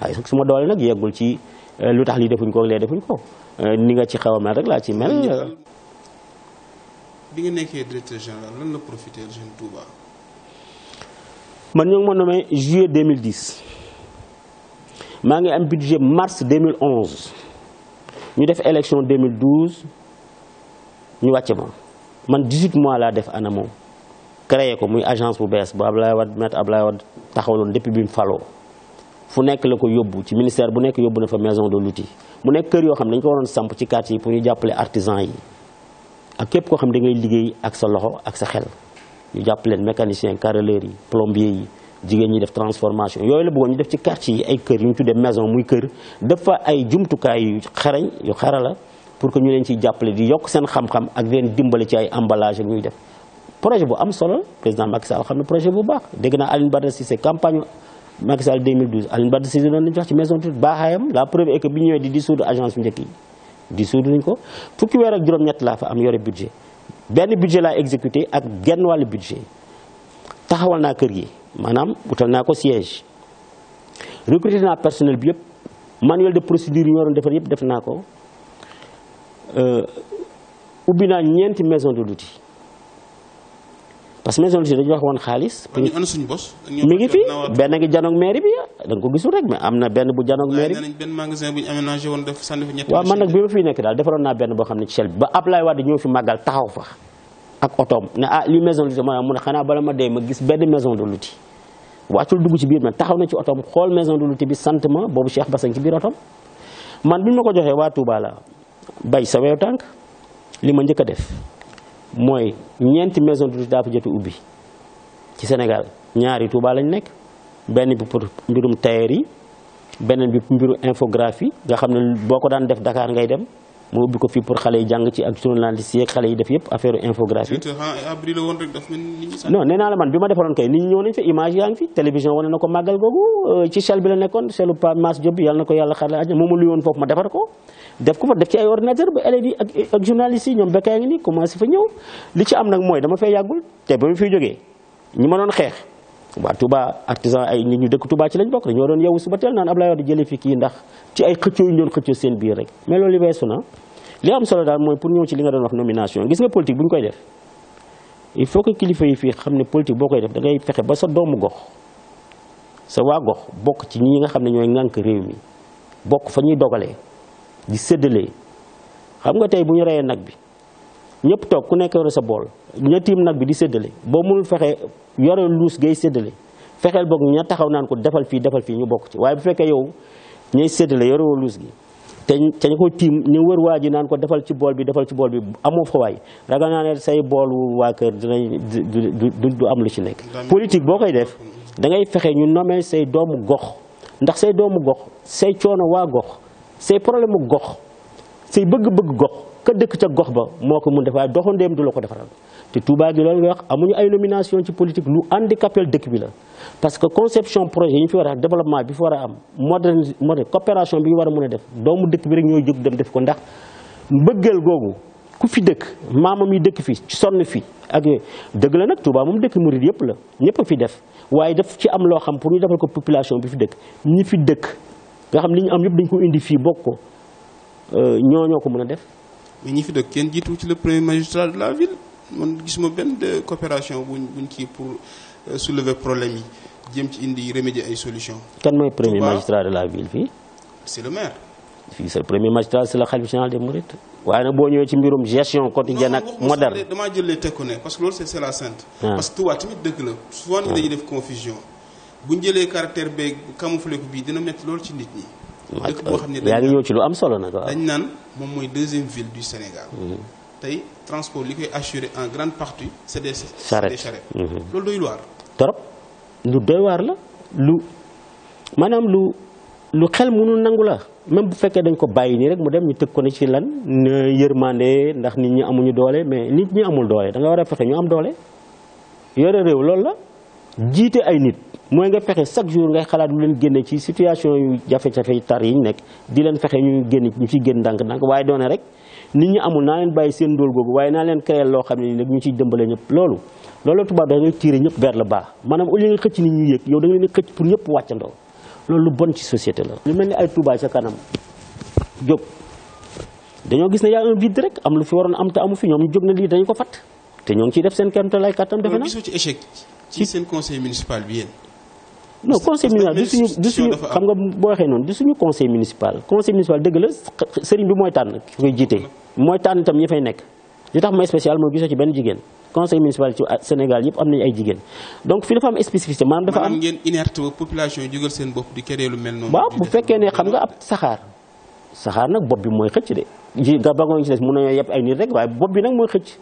waaye su ma doole nag yeggul ci euh, lu tax lii defuñ ko ak lee defuñ ko euh, ni nga ci xaw a mel rek laa ci mel. bi nga nekkee directeur général lan la profité Jeune Touba. man ñoo ngi ma nommé juillet maa ngi am budget mars 2011 ñu def élection 2012 ñu wàcce ma man 18 mois laa def ANAMO. créé ko muy agence bu bees bu Ablaye Wade maître Ablaye Wade taxawaloon depuis bi mu faloo fu nekk la ko yóbbu ci ministère bu nekk yóbbu na fa maison de l'outil mu nekk kër yoo xam ne dañu ko waroon samp ci quartier yi pour ñu jàppale artisan yi ak képp koo xam da ngay liggéey ak sa loxo ak sa xel ñu jàppaleen mécanicien carreleurs yi plombier yi jigéen ñi def transformation yooyu la bëggoon ñu def ci quartier ay kër yu ñu tuddee maison muy kër def fa ay jumtukaay yu xarañ yu xarala pour que ñu leen ciy jàppale di yokk seen xam-xam ak leen dimbale ci ay emballage ak ñuy def projet bu am solo président Macky Sall xam ne projet bu baax dégg naa Alioune Badara Cissé campagne Macky Sall 2012 Alioune Badara Cissé doon nañu wax baaxaayam la preuve est bi ñëwee di dissoudre agence njëkk yi dissoudre nañu ko fukki weer ak juróom-ñett laa fa am yore budget benn budget laa exécuté ak genn wàllu budget taxawal naa kër gi maanaam utal naa ko siège recruté naa personnel bi yëpp manuel de procédure yi ñu waroon defar yëpp def naa ko euh, ubbi naa ñeenti maison parce que maison de dañu wax woon xaalis. mi ngi fi benn ngi janoog mairie bi da nga ko gisul rek mais am na benn bu janoog mairie bi. waaw man nag bi ma fiy nekk daal defaroon naa benn boo xam ne ci sel bi ba Ablaye Wade ñëw fi màggal taxaw fa ak otoom ne ah lii maison de ma ah, ne xanaa bala dee ma gis benn maison de l'outil wàccul dugg ci biir man taxaw na ci otoom xool maison de l'outil bi sant ma boobu seex Bassang ci biir otoom man bi ma ko joxee waa Touba bay sa weew tànk li ma njëkk a mooy ñeenti maison de daa fa jot ubbi ci Sénégal ñaari Touba lañ nekk benn bi pour mbirum tailleur beneen bi mbiru infographie nga xam ne boo ko daan def Dakar ngay dem mu ubbi ko fii pour xale yi jàng ci ak journaliste yeeg xale yi def yëpp affaire infographie. non nee naa la man bi ma defaloon kay nit ñi nañ fi image yaa ngi fi télévision wane na ko màggal googu euh, ci na ko yàlla xarala àjjana moom ma luy woon foofu ma defar ko. def ko fa def ci ay ordinateur ba élèves ak ak yi ñoom bekkaay ngi nii commencé fa ñëw li ci am nag mooy dama fay yàggul te ba mu fiy jógee ñi ma xeex. waa Touba artisan ay nit ñu dëkk Touba ci lañ bokk dañoo doon yow suba teel naan Ablaye Wade jëlee fi kii ndax ci ay xëccoo yu xëccoo seen biir rek mais loolu li weesu na li am solo daal mooy pour ñëw ci li nga doon wax nomination gis nga politique bu ñu koy def il faut que kilifa yi fii xam ne politique boo koy def da ngay fexe ba sa doomu gox sa waa gox bokk ci ñi nga xam ne ñooy ŋànk réew mi bokk fa ñuy dogalee di séddalee xam nga tey bu ñu reyee nag bi ñëpp toog ku nekk yore sa bool ña tiim nag bi di séddale boo mënul fexe yore luus ngay séddale fexeel boog ña taxaw naan ko defal fii defal fii ñu bokk ci waaye bu fekkee yow ñay séddale yore woo luus gi te te ñu ko tiim ñu wër waa ji naan ko defal ci bool bi defal ci bool bi amoo fa waay ragal naa say boolu waa kër dinañ du du am lu ci nekk. politique boo koy def da ngay fexe ñu nommer say doomu gox ndax say doomu gox say coono waa gox say problème gox say ka dëkk ca gox ba moo ko mun def waaye doxandéem du la ko defaral te Touba gi loolu nga wax amuñu ay nomination ci politique lu handicapé dëkk bi la parce que conception projet yi ñu fi war a développement bi fi war a am moderne moderne bi ñu war a mën a def doomu dëkk bi rek ñoo jóg dem def ko ndax mbëggeel googu ku fi dëkk maamam yi dëkk fi sonn fi ak yooyu dëgg la nag Touba moom dëkk murid yëpp la ñëpp a fi def waaye daf ci am loo xam pour ñu defal ko population bi fi dëkk ñi fi dëkk nga xam li ñu am yëpp dañ ko indi fii bokk ko euh, ñoo ñoo ko mën a def mais ñi fi dëkk kenn jiitu ci le premier magistrat de la ville man gisuma benn de coopération buñ buñ kii pour euh, soulever problème yi jëm ci indi remédier ay solution kan mooy premier magistrat de la ville fii. c'est le maire. fii c'est le premier magistrat c'est le khalife général des waaye nag boo ñëwee ci mbirum gestion quotidienne ak moderne. damaa jëlee teg ko ne parce que loolu c'est la sainte. Ah. parce que Touba tamit dëgg la. souvent ah. dañuy def confusion bu ñu jëlee caractère beeg camouflé ko bii dina métti loolu ci nit ñi. dëkk boo xam ne yaa ngi ci lu am solo nag waaw. dañ naan moom mooy deuxième ville du Sénégal. Mhm. tey transport li koy assurer en grande partie c'est des. charrettes mhm. loolu doy waar. torop lu doy waar la lu maanaam lu lu xel mënul nangu la même bu fekkee dañ ko bàyyi nii rek mu dem ñu tëg ko ne ci lan na yërmande ndax nit ñi amuñu doole mais nit ñi amul doole da war a fexe ñu am doole yore réew loolu la. jiite ay nit mooy nga fexe chaque jour ngay xalaat lu leen génne ci situation yu jafe-jafe yu tar yi nekk di leen fexe ñu génn ñu ci génn ndànk-ndànk waaye doone rek nit ñi amul naa leen bàyyi seen ndóol googu waaye naa leen créer loo xam ne nii nag ñu ciy dëmbale ñëpp loolu loolu maanaam au lieu ñu yëg yow da nga leen xëcc pour ñëpp wàccandoo loolu lu bon ci société la lu mel ni ay Touba ca kanam jóg dañoo gis ne yaa un rek am lu fi waroon am te amu fi ñoom ñu jóg na lii dañu ko fat te ñoo ngi ciy def seen kéemtalaay kàttan defe na ci seen conseil municipal bi yéen. non conseil municipal du suñu du suñu xam nga boo waxee noonu du suñu conseil municipal conseil municipal dëgg la sëriñ bi mooy tànn ki koy jiite ñi fay nekk li tax mooy spécial mooy gisoo ci benn jigéen conseil municipal ci Sénégal yëpp am nañu ay jigéen donc fi dafa am spécificité maanaam dafa am ngeen inerte population yi jugal seen bopp di lu mel noonu waaw bu fekkee ne xam nga ab saxaar saxaar nag bopp bi mooy xëcc de ji nga bagoon ci des mun nañoo yepp ay nit rek waaye bopp bi nag mooy xëcc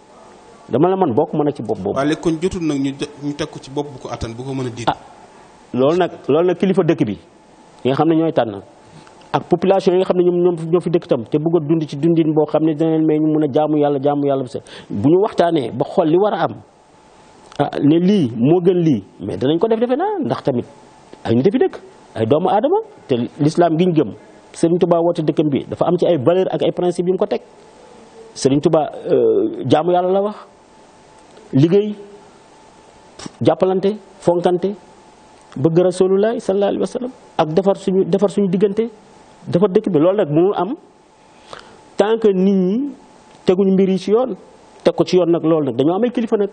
dama la man bokk mën a ci bopp boobu. waaw léegi kon jotul nag ñu ko ci bopp bu ko attan bu a diir. ah loolu loolu nag kilifa dëkk bi nga xam ne ñooy tànn ak population yi nga xam ne ñoom ñoo fi dëkk tam te bëgg a dund ci dundin boo xam ne dina leen may ñu mun a jaamu yàlla jaamu yàlla bu set bu ñu waxtaanee ba xool li war a am ah, ne lii moo gën lii mais danañ ko def defe naa ndax tamit ay nit fi dëkk ay doomu aadama te lislaam gi ñu gëm Serigne Touba woote dëkkam bi dafa am ci ay valeur ak ay principe yu mu ko teg Serigne Touba euh, jaamu yàlla la wax. liggéey jàppalante fonkante bëgg rasulullah sallallahu alayhi wa sallam ak defar suñu defar suñu diggante defar dëkk bi loolu rek mu am tant que nit ñi teguñu mbir yi ci yoon teg ko ci yoon nag loolu nag dañoo amee kilifa nag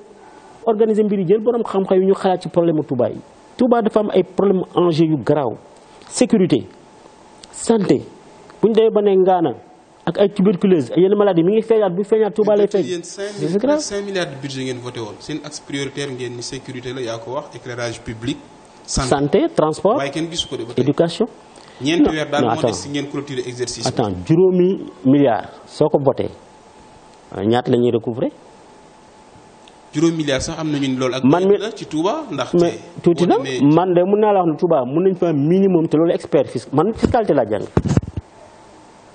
organiser mbir yi jël borom xam-xam yu ñu xalaat ci problème mu Touba yi. Touba dafa am ay problème enjeu yu garaaw sécurité santé bu ñu demee ba ne ngaana ak ay tuberculose yenn maladie mi ngi feeñaat bu feeñaat Touba lay feeñ. yéen cinq milliards de budget ngeen voté woon seen axe prioritaire ngeen ni sécurité la yaa ko wax éclairage public. santé transport waaye kenn gisu ko de ba tey éducation. ñeenti weer soo ko botee euh, ñaata la ñuy recouvrer. juróomi milliards sax am ñu ni loolu. ak man mi ci Touba ndax. mais tuuti na man de mun naa la wax ne Touba mun nañ fa minimum te loolu expert fisc man fiscalité laa jàng.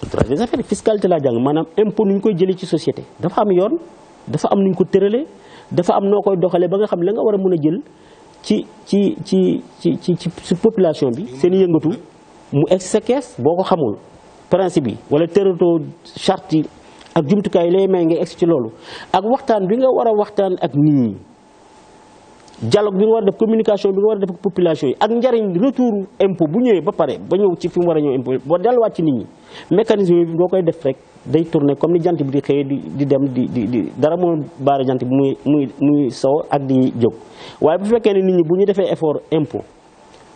droit des affaires laa jàng maanaam impôt nu ñu koy jëlee ci société dafa am yoon dafa am nu ñu ko tëralee dafa am noo koy doxalee ba nga xam la nga war a mën a jël ci ci ci ci ci ci population bi seen yëngatu mu egg sa kees boo ko xamul principe yi wala tëratoo charte yi ak jumtukaay yi lay may nga egg ci loolu ak waxtaan bi nga war a waxtaan ak nit dialogue bi nga war def communication bi nga war a def ak population yi ak njariñ retour impôt bu ñëwee ba pare ba ñëw ci fi mu war a ñëw impôt boo delluwaat ci nit ñi mécanisme bi boo koy def rek day tourné comme ni jant bi di xëyee di di dem di di di dara moo baara jant bi muy muy muy sow ak di jóg waaye bu fekkee ne nit ñi bu ñu defee effort impôt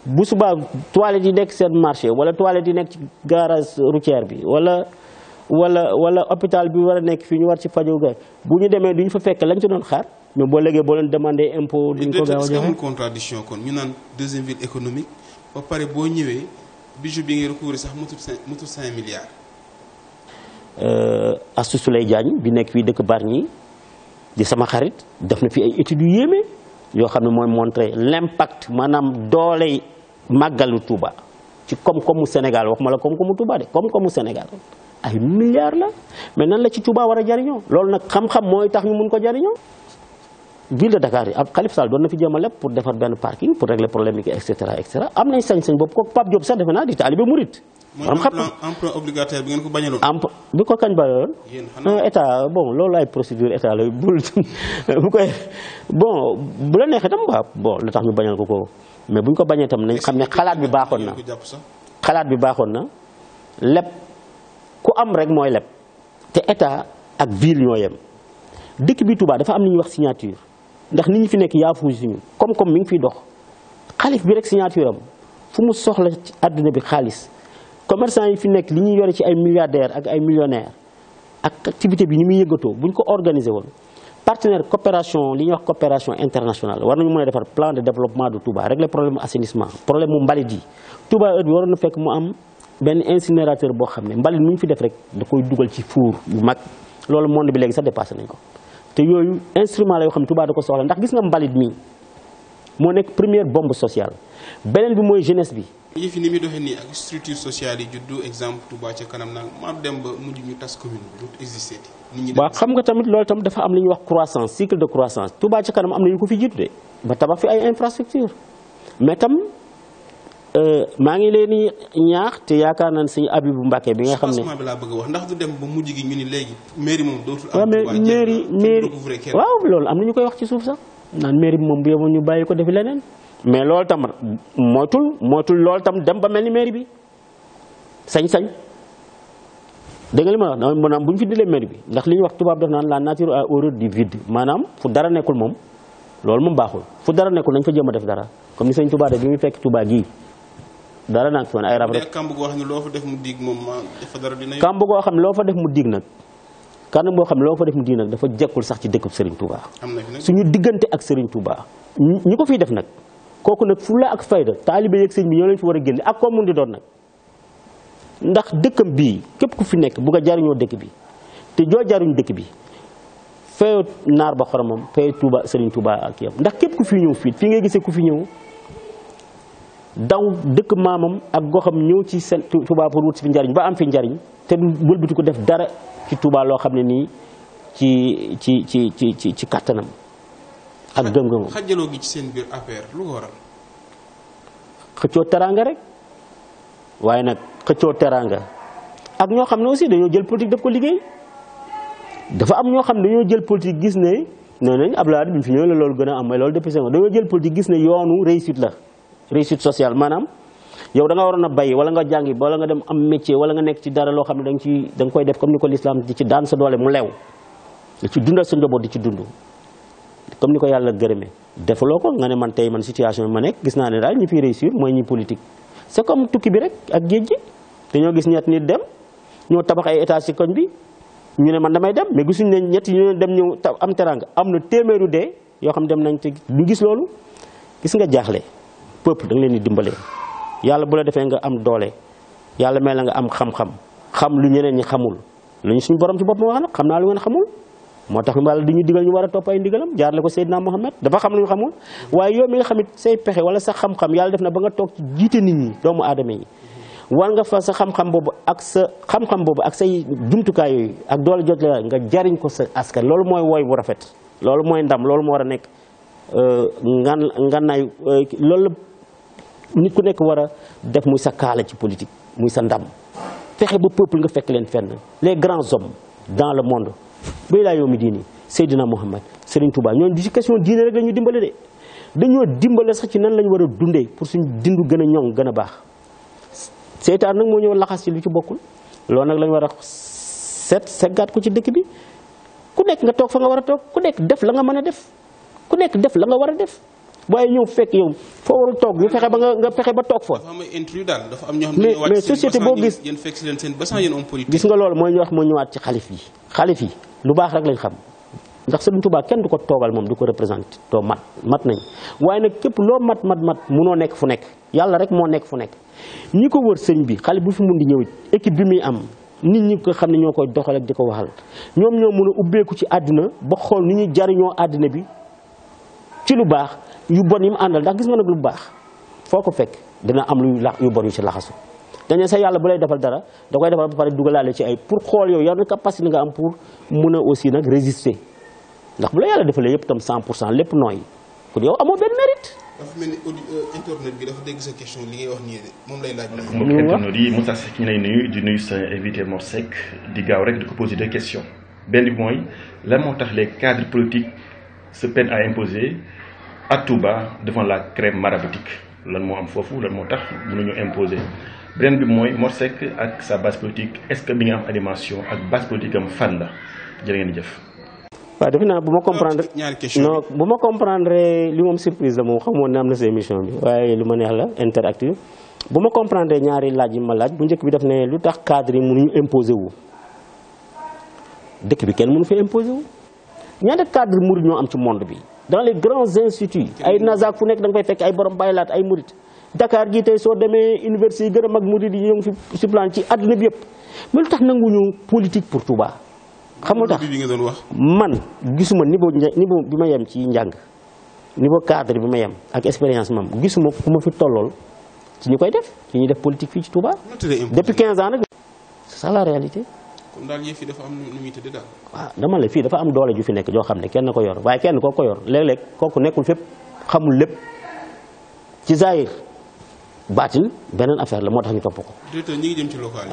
bu subaa toilette yi nekk seen marché wala toilette yi nekk ci gaara routière bi wala wala wala hôpital bi war a nekk fii ñu war ci fajoo ga ñu demee du ñu fa fekk lañ ci doon xaar mais boo léegi boo leen demandé impôt duñ ko gaaw a joxe amul contradiction kon ñu naan deuxième ville économique ba pare boo ñëwee budget bi ngay recouvrer sax motul motul cinq milliards euh, Astou Souleye Diagne bi nekk fii dëkk Bargny di sama xarit def na fi ay études yu yéeme yoo xam ne mooy montrer l'impact maanaam dooley màggalu tuba ci koom-koomu Sénégal waxuma la koom mu Touba de koom-koomu Sénégal ay milliards la mais nan la ci Touba war a jariñoo loolu tax ñu ko jariñoo ville de Dakar yi ab Khalifa Sall doon na fi jéem a leb pour defar benn parking pour régler problème yi et cetera et cetera am nañ sañ xam emprunt obligataire bi ngeen ko bañaloon. emprunt bi ko kañ bañaloon. yéen euh, bon loolu ay procédure état la bul <laughs> bu koy bon bu la neexee tam waaw bon la tax ñu bañal ko ko mais bu ñu ko bañee tam nañ xam ne xalaat bi baaxoon na. xalaat bi baaxoon na leb ku am rek mooy leb te état ak ville ñoo yem dëkk bi tubaa dafa am lu ñuy wax signature. ndax nit ñi fi nekk yaafuuj suñu koom comme mi ngi fiy dox xalif bi rek signature fu mu soxla ci àdduna bi xaalis commerçant yi fi nekk li ñuy yore ci ay milliardaires ak ay millionnaires ak activité bi ñu muy yëggatoo bu ñu ko organiser woon partenaire coopération li ñuy wax coopération internationale war nañu mën a defar plan de développement de Touba régler problème assainissement problème mu mbalit yi Touba heure bi waroon na fekk mu am benn incinérateur boo xam ne mbalit mu ñu fi def rek da koy dugal ci four mag loolu monde bi léegi sax dépassé nañ ko te yooyu instrument la yoo xam ne Touba da ko soxla ndax gis nga mbalit mi moo nekk première bombe sociale beneen bi mooy jeunesse bi. yëf yi ni muy doxee nii ak structure sociale yi juddu exemple Touba ca kanam naan maam dem ba mujj ñu tas commune bi xam nga tamit loolu tam dafa am lu ñuy wax croissance cycle de croissance Touba ca kanam am na yu ko fi jiitu de ba tabax fi ay infrastructure mais tam Euh, maa ngi leen di ñaax te yaakaar naan sëñ Abibu Mbàkke bi nga xam ne bi laa bëgg wax ndax du dem ba mujj gi ñu ni léegi mairie moom dootul am mairie waaw loolu am na ñu koy wax ci suuf sax naan mairie bi moom bu yemoon ñu bàyyi ko defi leneen mais loolu tam mootul mootul loolu tam dem ba mel ni bi sañ-sañ dégg bu ñu fi dilee mairie bi ndax li ñuy wax tubaab def naan la nature a horreur du vide maanaam fu moom loolu moom baaxul fu dara nekkul nañ fa jéem a def dara comme ni sëñ Tuubaa de bi muy fekk Tuubaa yi dara naa ko fi man ay rab rek. kàmb goo xam ne loo fa def mu diig moom dafa dara xam ne loo fa def mu diig nag kanam boo xam ne loo fa def mu diig nag dafa jekkul sax ci dëkkub Serigne Touba. am na suñu diggante ak Serigne Touba ñi ko fiy def nag kooku nag fulla ak fayda taalibe yeeg sëñ bi ñoo leen fi war a génne ak koo mun di doon nag ndax dëkkam bii képp ku fi nekk bu nga jariñoo dëkk bi te joo jariñ dëkk bi feeyu naar ba xoromam feeyu Touba sëriñ Touba ak yow ndax képp ku fi ñëw fii fii ngay gisee ku fi ñëw daw dëkk maamam ak goxam ñëw ci seen Touba pour wut si fi njariñ ba am fi njariñ te du wëlbati ko def dara ci Touba loo xam ne nii ci ci ci ci ci ci kàttanam ak gëm-gëmam. xajaloo gi ci seen biir teraanga rek waaye nag xëccoo teraanga ak ñoo xam ne aussi dañoo jël politique daf ko liggéey dafa am ñoo xam ne dañoo jël politique gis ne nee nañ Abdoulaye bi mu fi ñëw la loolu gën a am mooy loolu depuis seen dañoo jël politique gis ne yoonu réussite la. réussite sociale maanaam yow da nga waroon a bay wala nga jàngi wala nga dem am métier wala nga nekk ci dara loo xam ne da nga ci da nga koy def comme ni ko lislaam di ci daan sa doole mu lew di ci dundal sa njaboot di ci dund comme ni ko yàlla gërëmee defaloo ko nga ne man tey man situation ma nekk gis naa ne daal ñu fiy réussir mooy ñi politique c'est comme tukki bi rek ak géej gi dañoo gis ñett nit dem ñoo tabax ay étage ci koñ bi ñu ne man damay dem mais gisuñu ne ñett ñu dem ñëw am teranga am na téeméeru dee yoo xam dem nañ te ñu gis loolu gis nga jaaxle peuple da nga leen di dimbale yàlla bu la defee nga am doole yàlla may nga am xam-xam xam lu ñeneen xamul lu ñu suñu borom ci boppam wax nag xam na lu ngeen xamul moo tax yàlla di ñu digal ñu war a topp ay ndigalam jaarale ko Seydina Mohamed dafa xam lu ñu xamul waaye yow mi nga xamit say pexe wala sa xam-xam yàlla def na ba nga toog ci jiite nit ñi doomu aadama yi war nga fa sa xam-xam boobu ak sa xam-xam boobu ak say jumtukaay yooyu ak doole jot la nga ko sa askan loolu mooy wooy bu rafet loolu mooy ndam loolu moo war a nekk euh, ngan nganaay euh, loolu nit ku nekk war a def muy sa kaala ci politique muy sa ndam fexe ba peuple nga fekk leen fenn les grands hommes dans le monde bay laa yoomi diini Seydina Mohamed Serigne Touba ñooñu du ci question diine rek la ñu dimbale de dañoo dimbale sax ci nan lañ war dundee pour suñu dindu gën a ñoŋ gën a baax seytaan nag moo ñëw laxas ci lu ci bokkul loo nag lañ war a set seggaat ko ci dëkk bi ku nekk nga toog fa nga war toog ku nekk def la nga mën a def ku nekk a def waaye ñëw fekk yow foo warul toog ñu fexe ba nga nga fexe ba toog fa. mais mais société boo gis gis nga loolu mooy ñu wax moo ñëwaat ci xalif yi xalif yi lu baax rek lañ xam ndax Sëriñ Tuubaa kenn du ko toogal moom du ko représenté too mat mat nañ waaye nag képp loo mat mat mat munoo nekk fu nekk yàlla rek moo nekk fu nekk ñi ko wër sëñ bi xale bu fi mun di ñëw équipe bi muy am nit ñi ko xam ne ñoo koy doxal ak di ko waxal ñoom ñoo mun a ubbeeku ci àdduna ba xool ni ñuy jariñoo àdduna bi ci lu yu bon yi mu àndal ndax gis nga nag lu baax foo ko fekk dana am luy la yu bon yu ci laxasu dañu sa yàlla bu lay defal dara da koy defal ba pare dugalaale ci ay pour xool yow yan capacité nga am pour mun a aussi nag résister ndax la yàlla yëpp tam 100 pour cent lépp nooy kon yow amoo benn mérite. dafa mel ni euh, internet bi dafa dégg sa question li ngay wax nii moom lay laaj. mu wax mbokk yi Moussa Seck ñu di nuyu sa invité Mor di gaaw rek di ko poser des questions benn bi mooy lan moo tax les cadres politiques se peinent à imposer. à Touba devant la crème maraboutique lan moo am foofu lan moo tax mënuñu imposer beneen bi mooy Mor Seck ak sa base politique est-ce que bi nga am animation ak base politique am fan la jërë ngeen jëf. waaw defe naa bu ma comprendre non bu ma comprendre li moom surprise la moom xamoon ne am na sa émission bi waaye lu ma neex la interactive bu ma comprendre ñaari laaj yi ma laaj bu njëkk bi daf ne lu tax cadre yi mënuñu imposer wu dëkk bi kenn mënu fi imposer wu ñaata cadre murid ñoo monde bi. dans les grands instituts ay Nazak fu nekk da koy fay ay borom laat ay murit dakaar gii tey soo demee université yi gën a mag murit yi ñu ngi fi supplant ci àdduna bi yëpp mais lu tax nanguñu politique pour Touba. xam nga tax man gisuma nibo niveau bi ma yem ci njàng niveau cadre bi ma yem ak expérience mam gisuma ku ma fi tollool ci ñu koy def ci ñu def politique fii ci Touba. depuis 15 ans nag. c'est kon daal yëf yi dafa am nu muy tëddee daal. waaw ah, dama la fii dafa am doole ju fi nekk joo xam ne kenn ko yor waaye kenn koo ko yor léeg-léeg kooku nekkul fépp xamul lépp ci zaahir baatin beneen affaire la moo tax ñu topp ko.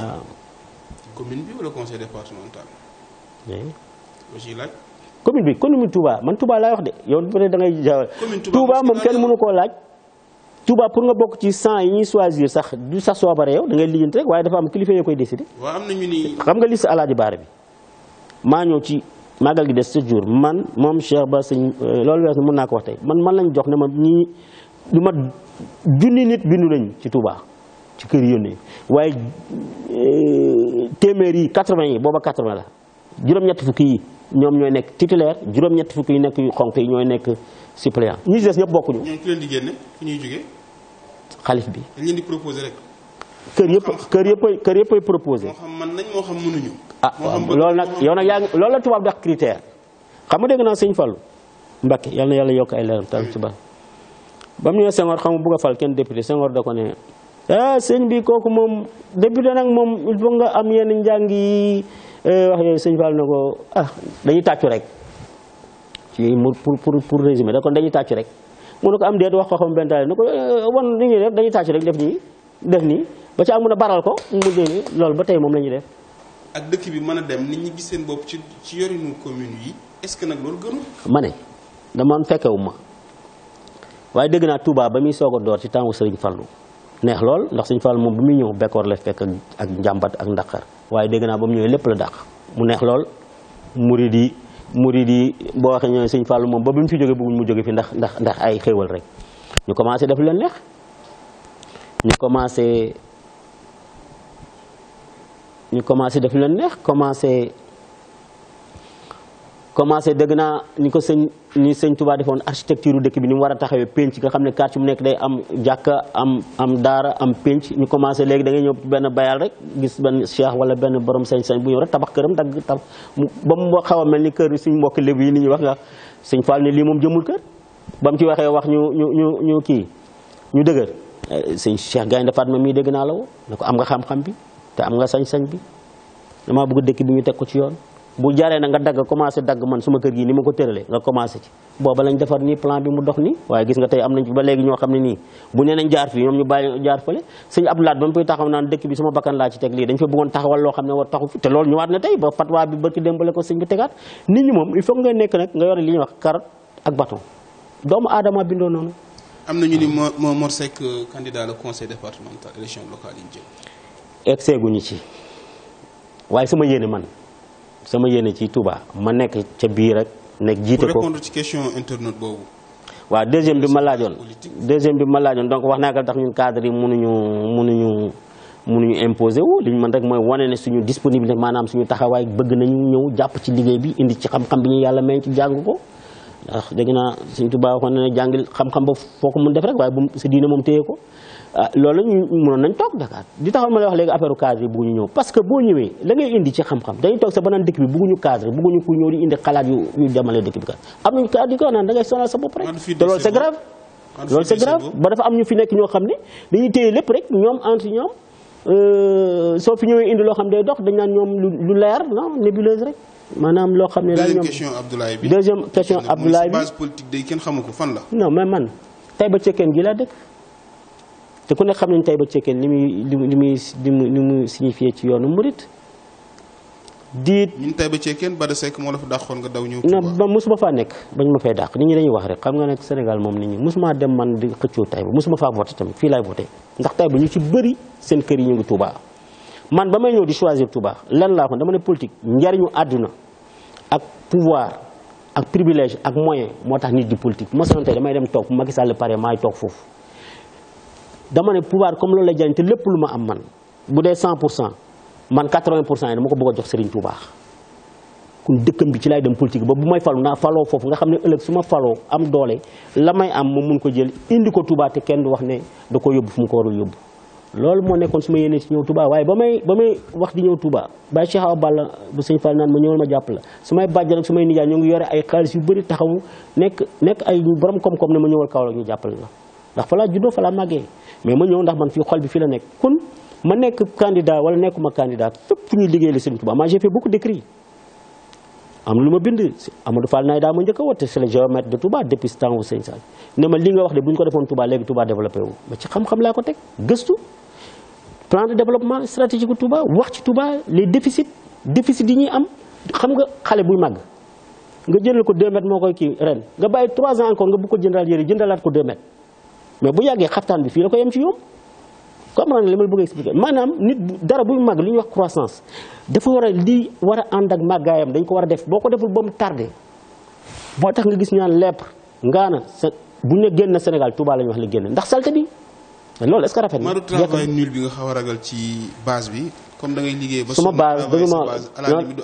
Ah. commune bi commune bi man Touba laay wax de yow moom kenn mënu koo laaj. tubaa pour nga bokk ci cent yi ñuy choisir sax du sax soobare yow da ngay lijjanti rek waaye dafa am kilifa yoo koy décider. na ñu ni. xam nga liste maa ñëw ci màggal gi des ce jour man moom Cheikh Ba sëñ euh, loolu weesu mën naa ko wax tey man man lañ jox ne ma ñii lu ma junni nit bindu nañ ci Touba ci kër waaye euh, téeméer yi quatre booba quatre-vingt la juróom-ñetti fukki ñoom ñooy nekk titulaire juróom-ñetti fukki yi nekk yu xonq yi ñooy nekk suppléant ñi des ñëpp bokkuñu. xalif bi. dañ leen kër yëpp kër yëpp kër yëpp ay proposer. moo xam mën nañ moo xam mënuñu. ah loolu nag yow nag yaa ngi loolu la tubaab di critère xam nga naa sëñ Fallou Mbacké yal na yàlla yokk ay leeram tal tubaab ba mu ñëwee Senghor xam a fal kenn député Senghor da ko ne ah, bi kooku moom député nag moom il faut nga am yenn njàng yi eh, wax yooyu sëñ Fallou na ko ah dañuy tàccu rek pour pour pour résumer da dañuy tàccu rek. mu ne ko am déet wax ko xam benn taalibe ne ko euh, wan ni ñuy def dañuy tàcc rek def nii ba ci amun a baral ko mu déni loolu ba tey moom la ñuy def ak dëkk bi mën a dem nit seen bopp ci ci yorinu ce que nag loolu ma ne daman fekkewu ma waaye dégg naa Touba ba muy soog a door ci temps Sëriñ Fallu neex lool ndax Sëriñ Fallu moom bu muy ñëw bekkoor la fekk ak njàmbat ak ndaqar waaye dégg naa ba mu ñëwee lépp la dàq mu neex lool murid murid yi boo waxee ñooy sëñ Fallou moom ba bi mu fi jógee bëgguñ mu jóge fi ndax ndax ndax ay xéewal rek ñu commencé def leen neex ñu commencé ñu commencé def leen neex commencé commencé dëgg naa ni ko sëñ ni sëñ Touba defoon architecture dëkk bi ni mu war a taxawee penc nga xam ne quartier mu nekk day am jàkka am am daara am penc ñu commencé léegi da ngay ñëw benn bayal rek gis benn cheikh wala benn borom sañ-sañ bu ñëw rek tabax këram dagg tabax ba mu xaw a mel ni kër suñ mbokk lébu yi ni ñuy wax nga sëñ Fall ne lii moom jëmul kër ba mu ci waxee wax ñu ñu ñu ñu kii ñu dëgër eh, sëñ Cheikh Gaynde Fatma mii dégg naa la woo ne nga xam bi te am nga sañ-sañ bi dama bëgg dëkk bi ñu teg ko ci yoon bu jaree na nga dagg commencé dagg man suma kër gi ni ma ko tëralee nga commencé ci booba lañ defar nii plan bi mu dox nii waaye gis nga tey am nañ fi ba léegi ñoo xam ne nii bu nee nañ jaar fii ñoom ñu bàyyi teg lii dañ fa bëggoon taxawal loo xam ne war taxu fi te loolu ñëwaat na moom il faut nga nekk nag nga yore li ñuy wax carotte ak doomu aadama bindoo noonu am nañu ni moo Mor Seck euh, candidat le conseil départemental élection locale yi ñu jël egg seeguñu ci waaye sama yéene man sama yéene ci Touba ma nekk ca biir rek nekk jiite ko. pour répondre ci question internet boobu. waaw deuxième bi ma laajoon deuxième bi ma laajoon donc wax naa ko tax ñun cadre yi mënuñu mënuñu mënuñu imposer wu li ñu mën rek mooy wane ne suñu disponibilité maanaam suñu taxawaay bëgg nañu ñëw jàpp ci liggéey bi indi ci xam-xam bi ñu yàlla may ci jàng ko. ndax dégg naa suñ Touba waxoon na ne jàng xam-xam ba foo ko def rek waaye bu sa diine moom téye ko Ah, loolu mënoon nañ toog Dakar di taxaw ma lay wax léegi affaire cadre yi bugguñu ñëw parce que boo ñëwee la ngay indi ci xam-xam dañuy toog sa banaan dëkk bi bugguñu cadre bugguñu ku ñëw di indi xalaat yu yu jamale dëkk bi kat am ba dafa am ñu fi nekk ñoo xam ne dañuy téye lépp rek ñoom entre ñoom euh, soo fi ñëwee indi loo xam day dox dañ naan ñoom lu leer non nébuleuse rek maanaam loo xam ne daal ñoom deuxième question Abdoulaye bi kenn xamu ko fan la non mais man dëkk te ku ne xam nañ Taïba Cekkeen li ni muy li muy li muy ci yoonu dit diit ñun Taïba ba Bada Seck moo la fa dàqoon nga daw ñëw. non ba mosuma faa nekk bañ ma fay dàq nit ñi dañuy wax rek xam nga nag Sénégal moom nit ñi mosuma dem man di xëccoo Taïba mosuma faa voté tamit fii laay voté ndax Taïba ñu ci bëri seen kër yi ñu ngi Touba. man ba may ñëw di choisir Touba lan laa ko dama ne politique njariñu àdduna ak pouvoir ak privilège ak moyen moo tax ni di politique ma sonal tey dem toog Macky Sall pare maay toog foofu. dama ne pouvoir comme loolu la jëriñ lépp lu ma am man bu dee 100 pour cent man ko bëgg a jox Serigne Touba. kon dëkkam bi ci laay dem politique ba bu may falu naa faloo foofu nga xam ne ëllëg su ma faloo am doole la may am ma mun ko jël indi ko tuubaa te kenn du wax ne du ko yóbbu fu mu ko warul yóbbu loolu moo nekkoon su ma yéenee ci ñëw Touba waaye ba may ba may wax di ñëw Touba bàyyi Cheikh a Balla bu sëñ Fall naan ma ñëwal ma jàpp la su may bàjj rek su may nijaay ñoo ngi yore ay xaalis yu bëri taxawu nekk nekk ay borom koom-koom ne ma ñëwal Kaolack ñu jàppale la ndax fa mais ma ñëw ndax man fii xol bi fii la nekk kon ma nekk candidat wala nekkuma candidat fépp fu ñuy liggéey la Serigne Touba ma j'ai fait beaucoup d'écrits am lu ma bind am Amadou Fall naay daa ma njëkk a woote c'est le géomètre de Touba depuis ce temps wu Serigne Sall ne ma li nga wax de bu ñu ko defoon tubaa léegi Touba développé wu ma ci xam-xam laa ko teg gëstu plan de développement stratégique ko tubaa wax ci tubaa les déficits déficits yi ñuy am xam nga xale buy màgg nga jëndal ko 2 mètres moo koy kii ren nga bàyyi 3 ans encore ko jëndal yére jëndalaat ko 2 mais bu yàggee xaftaan bi fii la ko yem ci yoom comprendre nga li ma la bëgg a expliquer maanaam nit dara buy màgg li ñuy wax croissance dafa war a lii war a ànd ak màggaayam dañ ko war a def boo ko deful ba mu tardé moo tax nga gis ñaan lèpre ngaana sa bu ne génn Sénégal Touba la ñu wax la génn ndax salte bi loolu est-ce que rafet na. travail nul bi nga a ragal ci base bi comme da liggéey ba suma base dama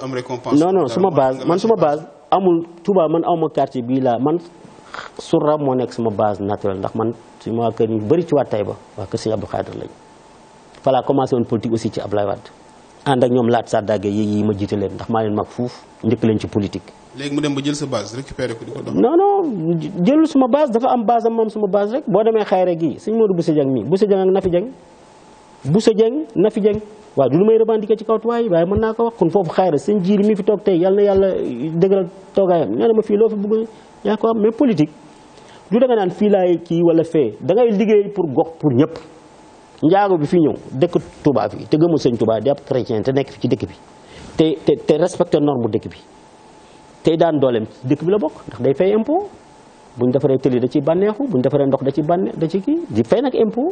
ma non non suma base man suma base amul Touba man awma quartier bii laa man surra moo nekk sama base naturelle ndax man suñu waa kër ñu bëri ci waa Taïba waa kër Sëñ Abdou Khadir lañu voilà commencé woon aussi ci Ablaye Wade ànd ñoom laat sàddaage yi yi ma jiite ndax maa leen mag fuuf njëkk leen ci politique. léegi ba jël sa base récupéré ko di ko doon. non non jëlul suma base dafa am base am suma base rek boo demee xayre gii sëñ Modou Boussa Dieng mii Boussa Dieng ak Nafi Dieng Boussa Dieng Nafi Dieng waaw du lu may revendiquer ci kaw tuwaay waaye mën naa ko wax kon foofu xayre sëñ yaa ko am mais politique du da nga naan fii kii wala fee dangay ngay liggéey pour gox pour ñëpp njaago bi fi ñëw dëkk tubaab fii te gëmul sëñ Touba di ab chrétien te nekk fi ci dëkk bi te te te respecté norme dëkk bi te daan dooleem dëkk bi la bokk ndax day fay impôt bu ñu defaree tëli da ci banneexu bu ñu defaree ndox da ci bànne da ci kii di fay nag impôt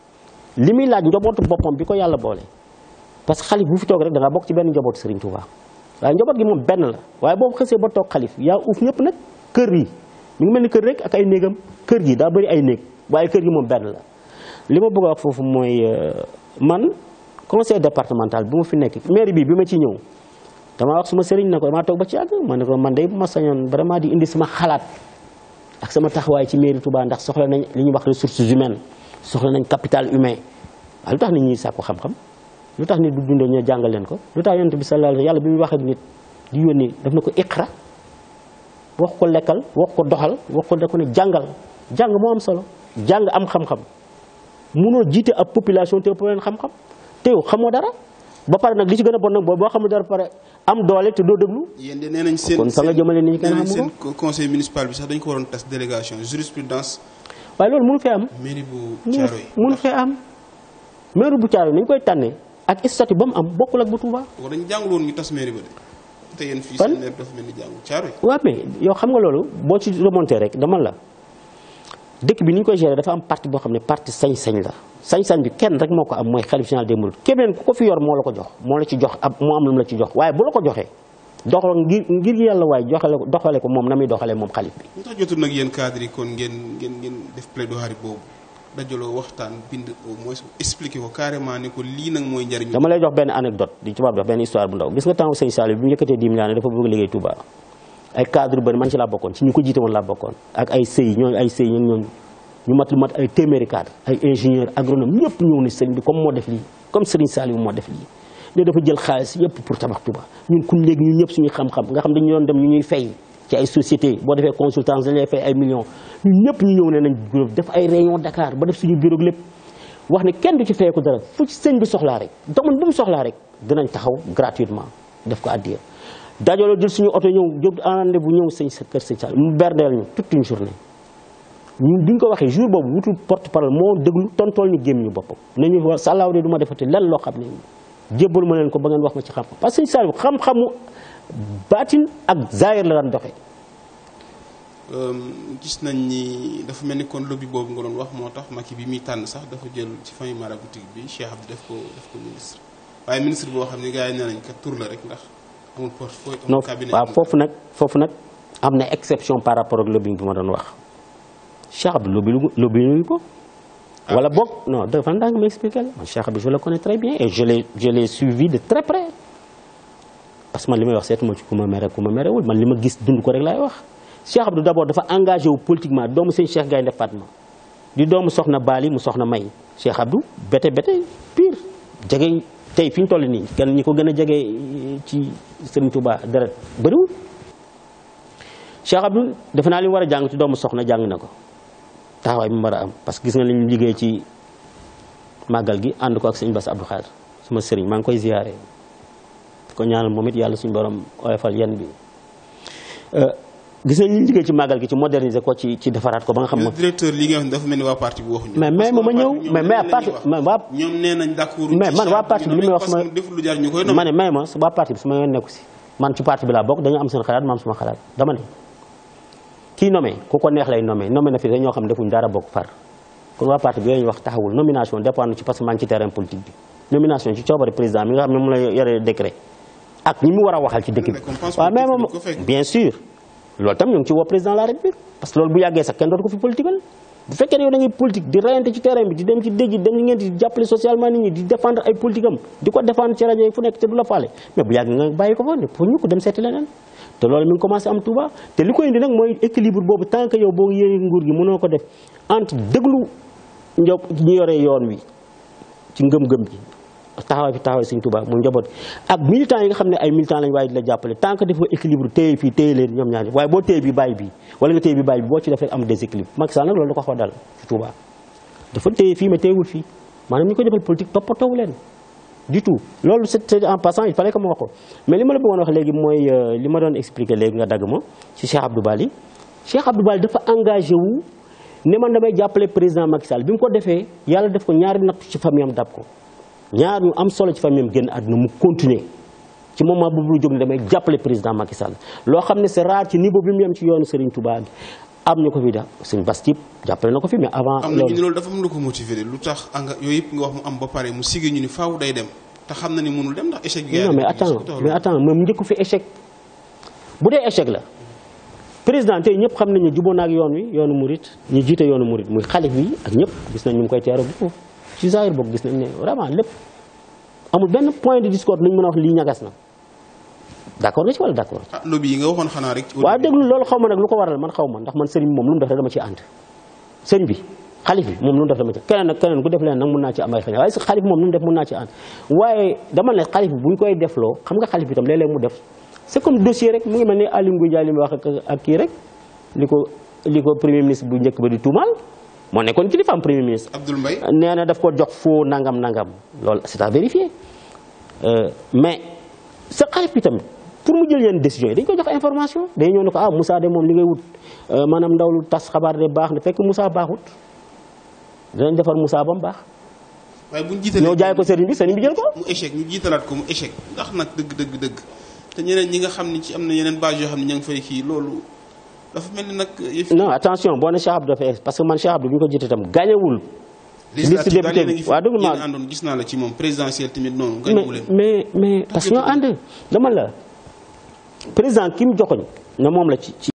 li muy laaj njobootu boppam bi ko yàlla boole parce que xalif bu fi toog rek da nga bokk ci benn njobootu Serigne Touba waaye njoboot gi moom benn la waaye boo xësee ba toog xalif yaa uuf ñëpp nag kër yi mi ngi mel ni kër rek ak ay néegam kër gi daa bëri ay néeg waaye kër gi moom benn la li ma bëgg a wax foofu mooy euh, man conseil départemental bi ma fi nekk mairie bi bi ma ci ñëw damaa wax suma sëriñ na ko damaa toog ba ci àgg ma ne ko man day bu ma sañoon vraiment di indi sama xalaat ak sama taxawaay ci mairie tubaa ndax soxla nañ li ñuy wax ressources humaines soxla nañ capital humain waaw lu tax nit ñuy sàkku xam-xam lu tax nit du dundee ñoo jàngal leen ko lu tax yonent bi sallallahu alayhi yàlla bi muy wax ak nit di yónni daf na ko iqra wax ko lekkal wax ko doxal wax ko da ko ne jàngal jàng moo am solo jàng am xam-xam munoo jiite ab population te ëpp leen xam-xam te yow xamoo dara ba pare nag li ci gën a bon nag boobu boo xamul dara pare am doole te doo déglu. kon fa nga jëmale nit ko conseil municipal bi sax dañ waaye loolu mënu fee am. mairie bu Thiaroye yi mënu fee am. mairie bu Thiaroye yi koy tànnee ak statut ba mu am bokkul ak bu Touba. waaw dañu jàngul woon ñu tas yow xam nga loolu boo ci remonté rek dama la dëkk bi ni ñu koy gérer dafa am parti boo xam ne parti sañ-sañ la sañ-sañ bi kenn rek moo ko am mooy xalif général des mourides keneen ku ko fi yor moo la ko jox moo la ci jox ab moo am lu mu la ci jox waaye bu la ko joxee doxal ngir ngir yàlla waaye joxale ko doxale ko moom na muy doxalee moom xalif bi. lu tax jotul nag yéen cadre yi kon ngeen ngeen ngeen def plaidoirie boobu dajaloo waxtaan bind au moins expliqué ko carrément ne ko lii nag mooy njariñ. dama lay jox benn anecdote di tubaab jox benn histoire bu ndaw gis nga temps sëñ Saliou bi mu yëkkatee 10 millions dafa bëgg liggéey Touba ay cadre bëri man ci laa bokkoon ci ñu ko jiite woon laa bokkoon ak ay sëy ñooñu ay sëy ñooñu ñu mat ay téeméeri cadre ay ingénieur agronome ñëpp ñëw na sëriñ bi comme moo def lii comme sëriñ Saliou moo def ne dafa jël xaalis yëpp pour tabax Touba ñun kun léegi ñun ñëpp suñuy xam-xam nga xam dañu doon dem ñu ñuy fay ci ay société boo defee consultance dañ lay ay millions ñun ñëpp ñu ñëw ne nañ ko dara fu ci sëñ bi soxlaa rek domaine bu taxaw gratuitement def ko addiya dajaloo jël suñu oto ñëw jóg ànd bu ñëw sëñ sa kër sëñ sa mu berdeel ñu toute une journée ñun ko waxee jour boobu wutul porte parole moo déglu ñu gémm ñu boppam nañu de du ma defati loo xam ne jébbal ma leen ko ba ngeen wax ma ci xam-xam parce que sëñ xam-xamu baatin ak zaahir la daan doxee. Euh, gis nañ ni dafa mel ni kon lobby boobu nga doon wax moo tax Macky bi muy tànn sax dafa jël ci famille maraboutique bi Cheikh Abdou def ko def ko ministre waaye ministre boo xam ne gars yi nee nañ ko tur la rek ndax amul portefeuille amul cabinet foofu nag foofu nag am na exception par rapport ak lobby bi ma doon wax Cheikh Abdou lobby lobby ko. Ah. wala boog non dafa ndànk ma expliqué la Cheikh bi je le connais très bien et je l'ai suivi de très près parce que man li may wax seetu ma ci ku ma mere ku merewul man li ma gis dund ko rek lay wax Cheikh Abdou d'abord dafa engagé wu politiquement doomu seen Cheikh Gaynde Fatma di doomu soxna Baali mu soxna May Cheikh du bete bete pire jege tey fi ñu toll nii gan ñi ko gën a jege eh, ci Serigne Touba deret bëriwul Cheikh Abdou defe naa li war a jàng ci doomu soxna jàng na ko taxawaay bi mu war a am parce que gis nga li ñu liggéey ci màggal gi ànd ko ak sëñ Bass Abdou Khadre suma sëriñ maa ngi koy ziyaare ko ñaanal moom it yàlla suñu borom oyofal yan bi euh, gis nañ ñu liggéey ci màggal gi ci moderniser ko ci ci defaraat ko ba nga xam ne. directeur ma mais mais à man waa parti may wax ma def lu jar ñu ma ne may ma waa parti bi su yoon nekku si man ci parti bi laa bokk dañu am seen xalaat ma am suma xalaat dama ne. kii nommé ku ko neex lay nommé nommé na fi dañoo xam ne defuñ dara bokk far kon waa parti bi yooyu ñu wax taxawul nomination dépendre ci parce que maa ngi ci terrain politique bi nomination ci coobari président mi nga xam ne mu la yore décret ak ñi mu war a waxal ci dëkk bi waaw mais moom bien sûr loolu tam ñu ngi ci woo président de la république parce que loolu bu yàggee sax kenn dootu ko fi politiqual bu fekkee ne yow da ngay politique di rayante ci terrain bi di dem ci dëj yi dem ngeen di jàppale socialement nit ñi di défendre ay politique am di ko défendre ci rajo yi fu nekk te du la faale mais bu yàgg nga bàyyi ko fa ne pour ñu ko dem seeti leneen te loolu mi ngi am Touba te li koy indi nag mooy équilibre boobu tant que yow boo yéene nguur gi mënoo ko def entre déglu njob ñu yore yoon wi ci ngëm-ngëm bi taxawaay fi taxawaay Sëñ Touba mu njaboot ak militants yi nga xam ne ay militants lañ waaye di la jàppale tant que defoo équilibre téye fii téye leen ñoom ñaar waaye boo téye bi bàyyi bi wala nga téye bi bàyyi bi boo ci defee am déséquilibre Macky Sall nag loolu da ko xaw dal ci Touba dafa téye fii mais téyewul fii maanaam ñu ko defal politique toppatoowu leen du tout loolu c'est en passant il fallait que ma wax ko mais li ma la bëggoon wax léegi mooy euh, li ma doon expliquer léegi nga dagg ma ci Cheikh Abdou Bali Cheikh Abdou Bali dafa engagé wu ne man damay jàppale président Macky Sall bi mu ko defee yàlla def ko ñaari nattu ci famille am dab ko ñaar ñu am solo ci famille am génn àdduna mu continuer ci moom boobu lu jóg ne damay jàppale président Macky Sall loo xam ne c'est rare ci niveau bi mu yem ci yoonu Serigne Touba bi am ñu ko fi def sëñ Bass Thioub jàppale na ko fi mais avant. loolu dafa am lu ko motiver lu tax yooyu yëpp nga wax mu am ba pare mu sigé ñu ni faaw day dem te xam na ni mënul dem ndax échec. non mais attends mais attends moom njëkku fi dee échec la président tey ñëpp xam nañu juboo na ak yoon wi yoonu murit ñu jiite yoonu murit muy xalif yi ak ñëpp gis nañ ñu ngi koy teeru bu ci zaahir boog gis nañ ne vraiment lépp amul benn point de discorde nañ mën a wax lii ñagas na. d' accord ah, nga ci wala d' accord. ah xaw ma nag lu ko waral man xaw ma ndax man sëriñ moom lu mu def rek dama ci ànd sëriñ bi xalif bi moom lu mu def dama ci keneen nag keneen ku def leen nag mun naa ci am ay xëy waaye si xalif bi mu def mun bu ñu koy defloo xam nga xalif bi tam léeg-léeg mu def c' comme dossier rek mu ngi mel ne Aly Ngouille Ndiaye li wax ak kii rek li ko li ko premier ministre bu njëkk ba di tuumaal moo nekkoon kilifaam premier ministre. Abdoul Mbaye nee na daf ko jox foo nangam nangam lool c' est à vérifier euh, mais sa xalif bi tamit pour mu jël yenn décisions yi dañ ko jox information dañu ko ah Moussa de moom li ngay wut euh, maanaam ndaw lu tas xabaar de baax na fekk Moussa baaxut danañ defar Moussa ba mu baax. bu ñu jiitalee ñoo jaay ko sëriñ bi sëriñ bi jël ko. mu échec ñu jiitalaat ko mu échec ndax nag dëgg dëgg dëgg te ñeneen ñi nga xam ne ci am na yeneen base yoo xam ne ña ngi fay kii loolu dafa mel ni nag. non attention boo ne Cheikh parce que man Cheikh Abdou bi ñu ko jiite itam gañewul liste député bi waaw gis naa la ci moom présidentiel tamit noonu. gañewul mais mais parce dama la président ki mu joxoñ na moom la ci